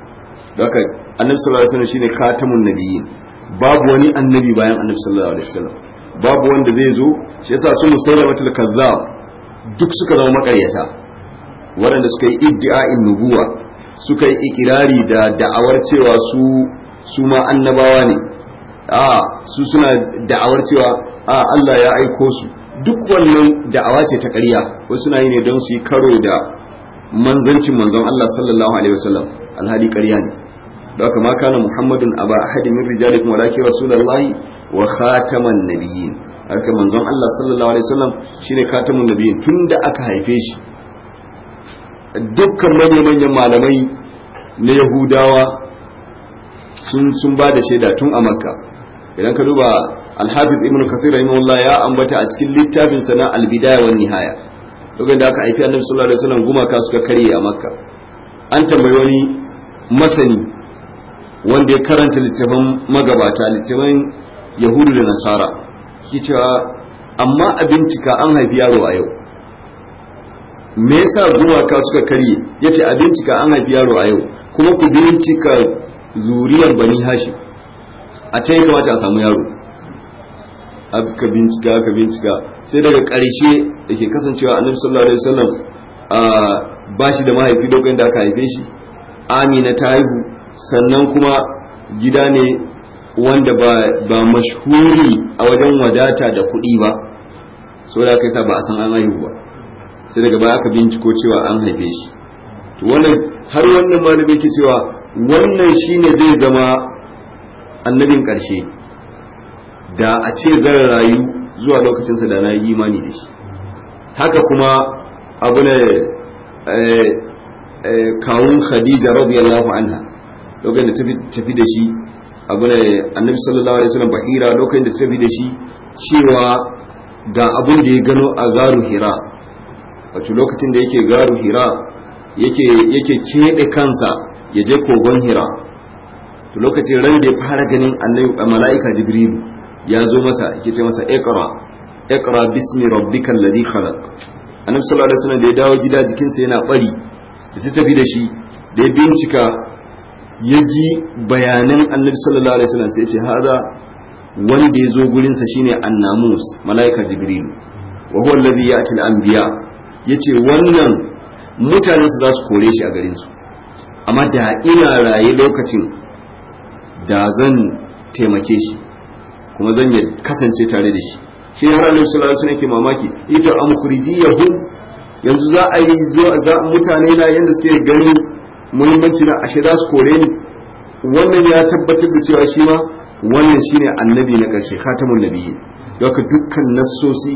S1: annabi sallallahu alaihi wasallam shine khatamun nabiyyin babu wani annabi bayan annabi sallallahu alaihi wasallam babu wanda zai zo shi yasa su musailamatul kazzab duk suka zama makaryata waɗanda suka yi iddi'a'in nubuwa suka yi ikirari da da'awar cewa su su ma annabawa ne a su suna da'awar cewa a Allah ya aiko su duk wannan da'awa ce ta ƙarya wasu suna yi ne don su yi karo da manzancin manzon Allah sallallahu alaihi wasallam alhali ƙarya ne da kama kana muhammadun aba ahadi min rijalikum walakin rasulullahi wa khataman nabiyyin haka manzon Allah sallallahu alaihi wasallam shine khatamun nabiyyin tunda aka haife shi dukkan manyan malamai na yahudawa sun sun ba da shaida tun a makka idan ka duba alhafiz ibnu kathir rahimahullah ya ambata a cikin littafin sana albidaya wa nihaya lokacin da aka haifi annabi sallallahu alaihi wasallam gumaka suka karye a makka an tambayi wani masani wanda ya karanta littafin magabata littafin yahudu da nasara ki cewa amma a bincika an haifi yaro a yau me yasa gumaka suka karye yace a bincika an haifi yaro a yau kuma ku bincika zuriyar bani hashi a can ya kamata a samu yaro aka bincika aka bincika sai daga ƙarshe da ke kasancewa annabi sallallahu alaihi wasallam ah, ba shi da mahaifi lokacin da aka haife shi amina ta haihu sannan kuma gida ne wanda ba mashhuri a wajen wadata da kuɗi ba so da yi sa ba a san an haihu ba sai daga baya aka binciko cewa an haife shi wannan har wannan malami ke cewa wannan shine zai zama annabin ƙarshe da a ce zan rayu zuwa lokacinsa da na yi imani da shi haka kuma abu ne eh, eh, kawun khadija radiyallahu anha lokacin da tafi da shi abu da annabi sallallahu alaihi wasallam bahira lokacin da tafi da shi cewa ga abin da ya gano a garu hira wato lokacin da yake garu hira yake yake kede kansa ya je kogon hira to lokacin ran da ya fara ganin annabi mala'ika jibrilu ya zo masa yake ce masa iqra iqra bismi rabbikal ladhi khalaq annabi sallallahu alaihi wasallam da ya dawo gida jikinsa yana bari da ta tafi da shi da ya bincika ya ji bayanan annabi sallallahu alaihi wasallam sai ya ce haza wanda ya zo gurinsa shine annamus malaika jibril wa huwa alladhi ya'ti al-anbiya yace wannan mutanen su za su kore shi a garin su amma da ina raye lokacin da zan taimake shi kuma zan ya kasance tare da shi shi har annabi sallallahu alaihi wasallam yake mamaki ita amkhurijiyahu yanzu za a yi za mutane na yanda suke ganin muhimmanci na ashe za su kore ni wannan ya tabbatar da cewa shi ma wannan shine annabi na karshe khatamun nabiyyi daga dukkan nassosi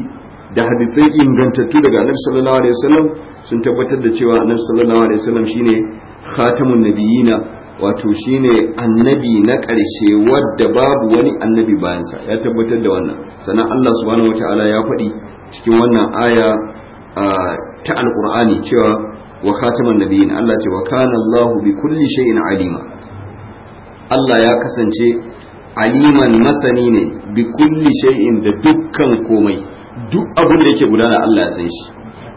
S1: da hadithai ingantattu daga annabi sallallahu alaihi wasallam sun tabbatar da cewa annabi sallallahu alaihi wasallam shine khatamun nabiyina wato shine annabi na karshe wadda babu wani annabi bayansa ya tabbatar da wannan sannan Allah subhanahu wataala ya faɗi cikin wannan aya ah, ta alqur'ani cewa wa khataman nabiyyin Allah ce wa kana Allah bi kulli shay'in alima Allah ya kasance aliman masani ne bi kulli shay'in da dukkan komai duk abin da yake gudana Allah ya san shi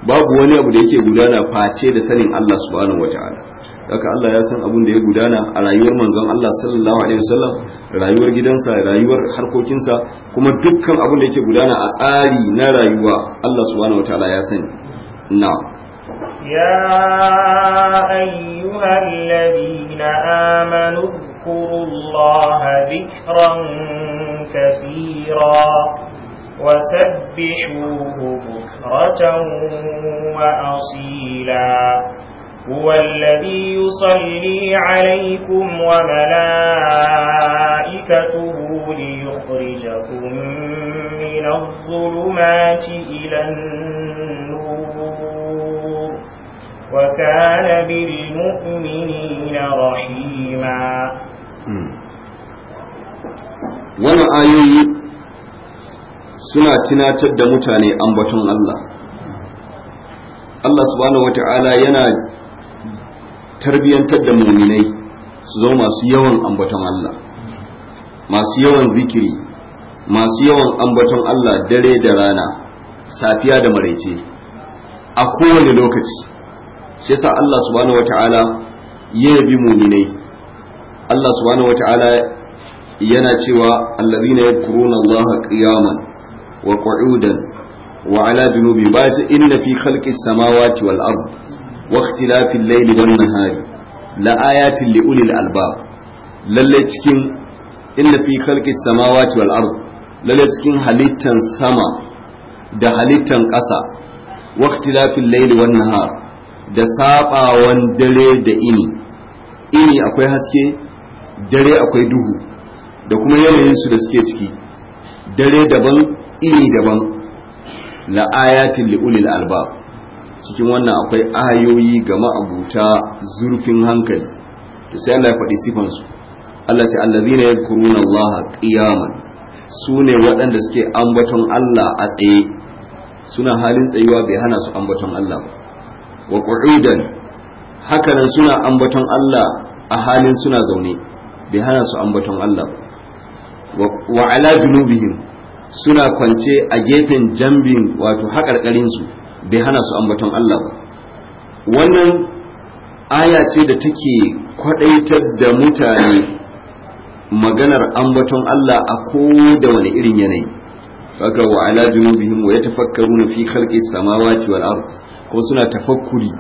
S1: babu wani abu da yake gudana face da sanin Allah subhanahu wataala haka Allah ya san abin da ya gudana a rayuwar manzon Allah sallallahu alaihi wasallam rayuwar gidansa rayuwar harkokinsa kuma dukkan abin da yake gudana a tsari na rayuwa Allah subhanahu wataala ya sani na'am
S2: يا أيها الذين آمنوا اذكروا الله ذكرا كثيرا وسبحوه بكرة وأصيلا هو الذي يصلي عليكم وملائكته ليخرجكم من الظلمات إلى النار وكان بالمؤمنين رحيما hmm.
S1: wannan ayoyi suna tunatar da mutane ambaton Allah Allah subhanahu wata'ala yana tarbiyantar da muminai su zama masu yawan ambaton Allah masu yawan zikiri masu yawan ambaton Allah dare da rana safiya da maraice a kowane lokaci shi yasa Allah subhanahu wata'ala ya yabi muminai Allah subhanahu wata'ala yana cewa allazina yadhkuruna Allah qiyaman wa qu'udan wa ala junubi ba ce inna fi khalqis samawati wal ard wa ikhtilafil layli wan nahari la ayatin li ulil albab lalle cikin inna fi khalqis samawati wal ard lalle cikin halittan sama da halittan ƙasa wa ikhtilafil layli wan nahar da sabawan dare da ini ini akwai haske dare akwai duhu da kuma yanayin su da suke ciki dare daban ini daban la ayatin liulil albab cikin wannan akwai ayoyi ga ma'abuta zurfin hankali to sai Allah ya faɗi sifansu Allah ce allazina yadhkuruna Allah qiyaman sune waɗanda suke ambaton Allah a tsaye suna halin tsayuwa bai hana su ambaton Allah ba wa qu'udan hakanan suna ambaton Allah a halin suna zaune bai hana su ambaton Allah wa ala junubihim suna kwance a gefen jambin wato haƙarƙarin su bai hana su ambaton Allah wannan aya ce da take kwadaitar da mutane maganar ambaton Allah a ko da wani irin yanayi kaga wa ala junubihim wa yatafakkaruna fi khalqis samawati wal ardh ko suna tafakkuri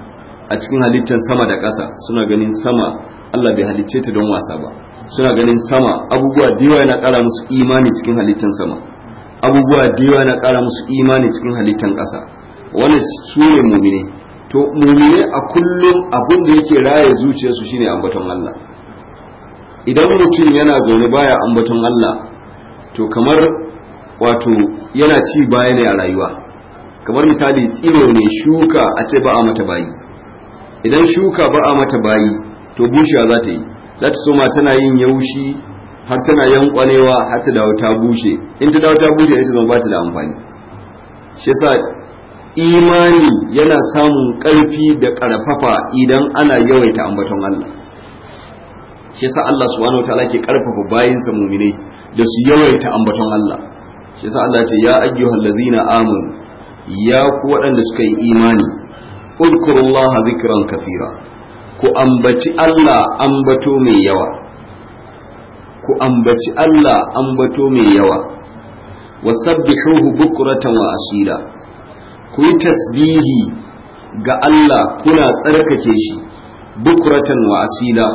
S1: a cikin halittar sama da ƙasa suna ganin sama Allah bai halicce ta don wasa ba suna ganin sama abubuwa da yana ƙara musu imani cikin halittar sama abubuwa da yana ƙara musu imani cikin halittar ƙasa wani su ne mumine to mumine a kullum abin da yake raye zuciyarsu shine ambaton Allah idan mutum yana zaune baya ambaton Allah to kamar wato yana ci baya ne a rayuwa kamar misali tsiro ne shuka a ce ba a mata bayi idan shuka ba a mata bayi to bushewa za ta yi za ta soma tana yin yaushi har tana yan kwanewa har ta dawo ta bushe in ta dawo ta bushe ita zama ba ta da amfani shi yasa imani yana samun karfi da karfafa idan ana yawaita ambaton Allah shi yasa Allah subhanahu wataala ke karfafa bayinsa muminai da su yawaita ambaton Allah shi yasa Allah ce ya ayyuhallazina amanu ya ku waɗanda suka yi imani udkurullaha zikran kathira ku ambaci Allah ambato mai yawa ku ambaci Allah ambato mai yawa wasabbihuhu bukratan wa asira ku yi tasbihi ga Allah kuna tsarkake shi bukratan wa asila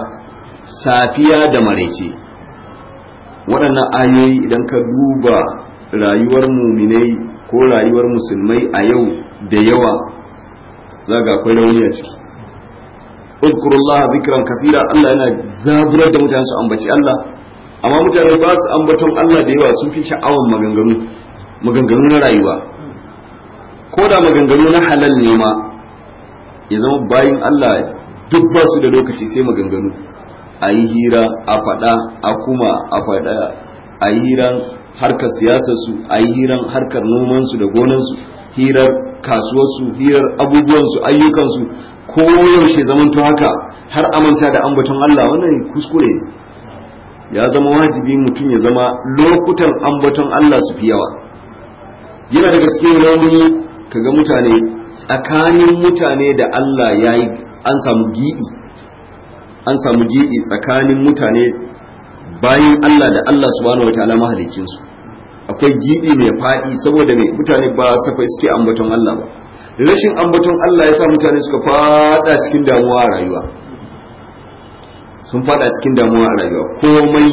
S1: safiya da maraice waɗannan ayoyi idan ka duba rayuwar muminai ko rayuwar musulmai a yau da yawa za ga akwai rauni a ciki uzkurullah zikran kafira Allah yana zaburar da mutane su ambaci Allah amma mutane ba su ambaton Allah da yawa sun fi sha'awan maganganu maganganu na rayuwa ko da maganganu na halal ne ma ya zama bayin Allah duk ba su da lokaci sai maganganu a yi hira a faɗa a kuma a faɗa a yi hiran harkar siyasarsu a yi hirar harkar nomansu da gonansu hirar kasuwarsu hirar abubuwansu ayyukansu ko yaushe zamanto haka har amanta da ambaton Allah wannan kuskure ya zama wajibi mutum ya zama lokutan ambaton Allah su fi yawa yana daga cikin rauni kaga mutane tsakanin mutane da Allah ya yi an samu gibi an samu gibi tsakanin mutane bayan Allah da Allah subhanahu wataala mahalicin su akwai gibi mai faɗi saboda mai mutane ba safa suke ambaton Allah ba rashin ambaton Allah ya sa mutane suka fada cikin damuwa a rayuwa sun fada cikin damuwa a rayuwa komai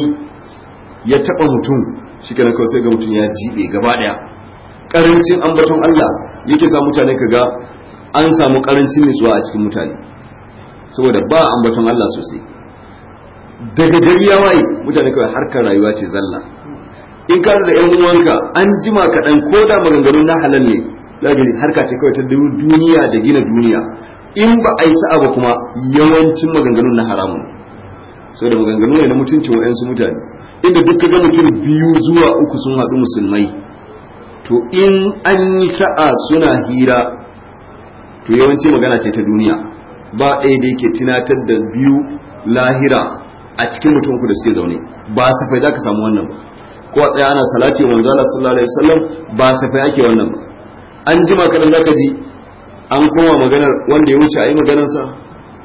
S1: ya taba mutum shi kana kawai sai ga mutum ya jibe gaba daya karancin ambaton Allah yake sa mutane kaga an samu karancin nutsuwa a cikin mutane saboda ba ambaton Allah sosai daga gari ya waye mutane kawai harkar rayuwa ce zalla in ka da yan uwanka an jima kaɗan ko da maganganu na halal ne zagari harka ce kawai ta duniya da gina duniya in ba a yi sa'a ba kuma yawancin maganganun na haramun sau da maganganu ne na wa 'yansu mutane inda duk ka ga mutum biyu zuwa uku sun haɗu musulmai to in an yi sa'a suna hira to yawanci magana ce ta duniya ba ɗaya da yake tunatar da biyu lahira a cikin mutum ku da suke zaune ba safai za ka samu wannan ba ko a tsaya ana salati manzo Allah sallallahu alaihi wasallam ba safai ake wannan ba an jima kadan zaka ji an koma maganar wanda ya wuce ayi maganar sa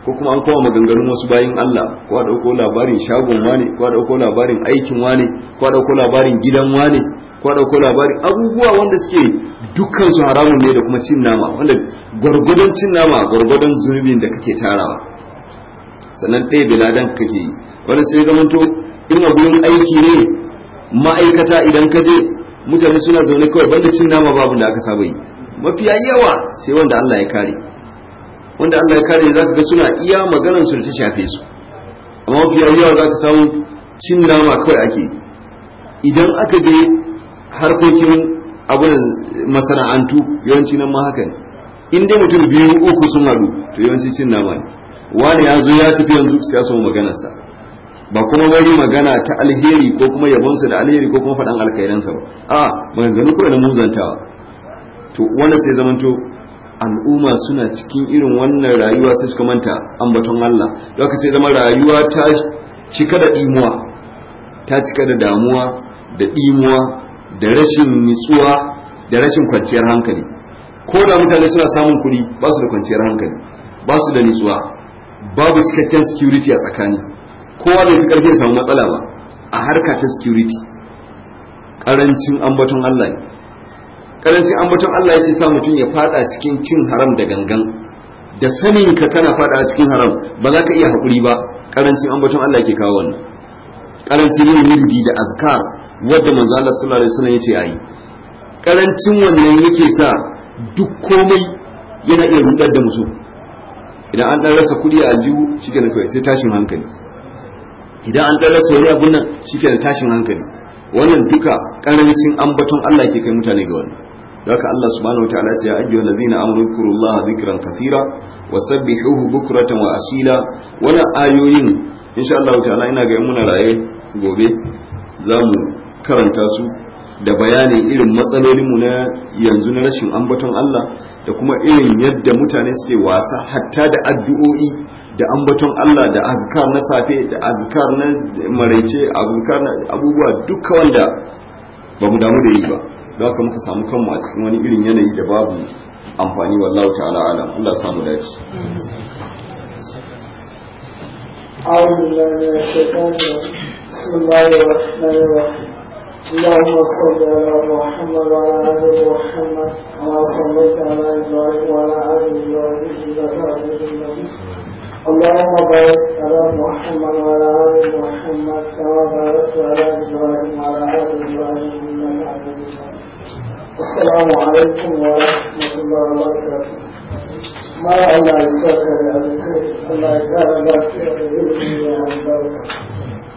S1: ko kuma an koma maganganun wasu bayin Allah ko a dauko labarin shagon wane ko a dauko labarin aikin wane ko a dauko labarin gidan wane ko a dauko labarin abubuwa wanda suke dukkan su haramun ne da kuma cin nama wanda gwargwadon cin nama gwargwadon zunubin da kake tarawa sannan ɗaya da ladan kake yi wani sai zamanto in a gurin aiki ne ma'aikata idan ka je mutane suna zaune kawai banda cin nama babu da aka saba yi mafiya yawa sai wanda Allah ya kare wanda Allah ya kare za ka ga suna iya maganar su da ta shafe su amma mafiya yawa za ka samu cin nama kawai ake idan aka je harkokin abin masana'antu yawanci nan ma haka in dai mutum biyu uku sun haɗu to yawanci cin nama ne wani ya zo ya tafi yanzu sai ya samu sa. ba kuma bari magana ta alheri ko kuma yabonsa da alheri ko kuma faɗan alkhairansa ba a maganganu kawai na muzantawa to wanda sai zamanto al'umma suna cikin irin wannan rayuwa sai suka manta ambaton Allah da haka sai zama rayuwa ta cika da imuwa ta cika da damuwa da imuwa da rashin nitsuwa da rashin kwanciyar hankali ko da mutane suna samun kuɗi ba su da kwanciyar hankali ba su da nitsuwa babu cikakken security a tsakani kowa bai fi karfi samu matsala ba a harka ta security karancin ambaton Allah karancin ambaton Allah yake sa mutum ya fada cikin cin haram da gangan da sanin ka kana fada cikin haram ba za ka iya haƙuri ba karancin ambaton Allah yake kawo wannan karancin yin wirdi da azkar wadda manzo Allah sallallahu alaihi wasallam yace ayi karancin wannan yake sa duk komai yana iya rudar da mutum idan an dan rasa kuɗi a aljihu shi ne kawai sai tashin hankali idan an dan rasa wani abun nan da tashin hankali wannan duka an ambaton Allah ke kai mutane ga wannan daga Allah subhanahu wa ta'ala ya ajiye allazina amru zikrullaha zikran kathira wasabbihuhu bukratan wa asila wannan ayoyin insha Allah ta'ala ina ga muna raye gobe zamu karanta su da bayanin irin matsalolinmu na yanzu na rashin ambaton Allah da kuma irin yadda mutane suke wasa hatta da addu'o'i da ambaton Allah da azkar na safe da azkar na maraice azkar na abubuwa duka wanda ba mu damu da yi ba za haka muka samu kanmu a cikin wani irin yanayi da babu amfani wallahu ta'ala alam Allah samu dace
S3: أعوذ بالله من الشيطان اللهم صل على محمد وعلى ال محمد كما صليت على ابراهيم وعلى ال ابراهيم انك حميد مجيد اللهم بارك على محمد وعلى ال محمد كما باركت على ابراهيم وعلى ال ابراهيم انك حميد مجيد السلام عليكم ورحمه الله وبركاته ما الله يسرك يا الخير الله يجعل الله خير باذن الله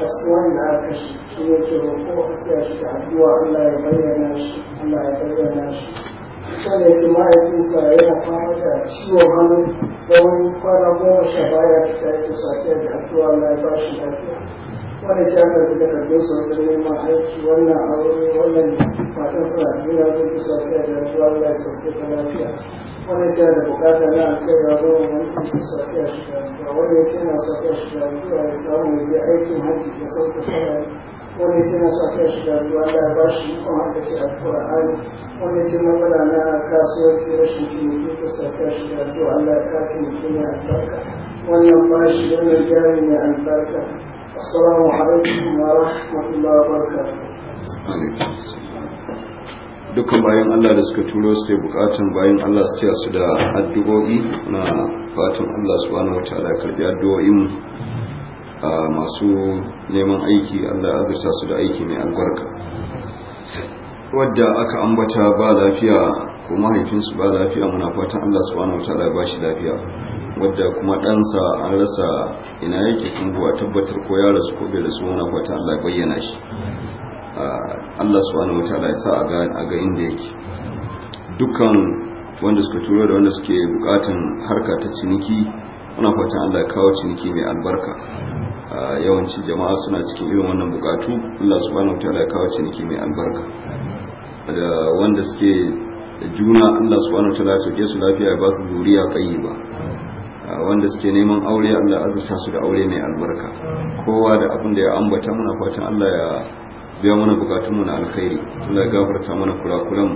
S3: kasuwan da aka shi shi ne ke roƙo a tsaya shi da addu'a Allah ya bayyana shi Allah ya bayyana shi ya ce mahaifinsa yana fama da hannu tsawon kwana goma sha baya da ta yi da addu'a Allah ya ba shi lafiya Wani shi da fi karfe su wajen neman aiki wannan aure wannan matan suna juna don ku sa kai da ruwa da sauke ta lafiya Wani shi da bukata na alkaiwa don wani ku sa kai shi da wanda shi na sa kai shi da ruwa ya samu ya je aikin hajji da sauke kawai wanda shi na sa kai shi da ruwa da ba shi ikon haka shi a kura'ani Wani shi matsala na kasuwanci rashin ciniki ku sa kai shi da ruwa Allah ya kace mutum ya albarka wannan ba shi wannan jari ne albarka السلام عليكم ورحمة الله وبركاته
S1: dukkan bayan Allah da suka turo suke bukatun bayan Allah su ce su da addu'o'i na fatan Allah su wani wata da karbi addu'o'in masu neman aiki Allah azurta su da aiki mai albarka wadda aka ambata ba lafiya ko mahaifinsu ba lafiya muna fatan Allah su wata da ba shi lafiya wadda kuma ɗansa an rasa ina yake tungu a tabbatar ko ya rasu ko bai rasu wani wata Allah bayyana shi ah, Allah su wani wata ya sa a ga inda yake dukkan wanda suka turo da wanda suke bukatan harka ta ciniki wani fatan Allah ya kawo ciniki mai albarka ah, yawanci jama'a suna cikin irin wannan bukatu Allah su wani wata ya kawo ciniki mai albarka da wanda suke juna Allah su wani wata ya sauke su lafiya ba su zuriya tsayi ba wanda suke neman aure Allah azurta su da aure mai albarka kowa da abin da ya ambata muna fatan Allah ya biya mana bukatun mu na alkhairi Allah ya gafarta mana kurakuran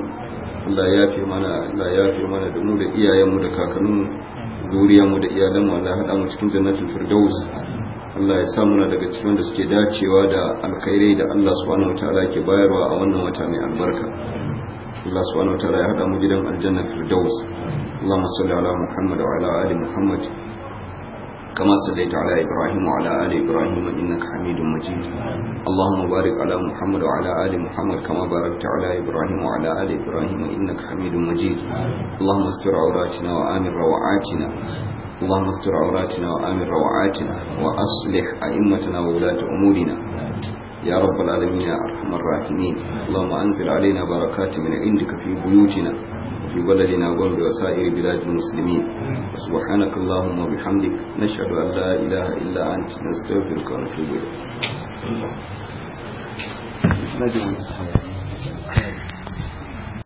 S1: Allah ya yafe mana Allah ya yafe mana da mu da iyayen mu da kakanninmu zuriyar mu da iyalan mu Allah ya hada mu cikin jannatul firdaus Allah ya sa daga cikin wanda suke dacewa da alkhairai da Allah subhanahu wataala ke bayarwa a wannan wata mai albarka Allah subhanahu wataala ya hada mu gidan aljanna firdaus اللهم صل على محمد وعلى آل محمد كما صليت على إبراهيم وعلى آل إبراهيم إنك حميد مجيد اللهم بارك على محمد وعلى آل محمد كما باركت على إبراهيم وعلى آل إبراهيم إنك حميد مجيد اللهم استر عوراتنا وآمن روعاتنا اللهم استر عوراتنا وآمن روعاتنا وأصلح أئمتنا وولاة أمورنا يا رب العالمين يا أرحم الراحمين اللهم أنزل علينا بركات من عندك في بيوتنا في بلدنا غومبي وسائر بلاد المسلمين سبحانك اللهم وبحمدك نشهد أن لا إله إلا أنت نستغفرك ونتوب إليك
S3: نجم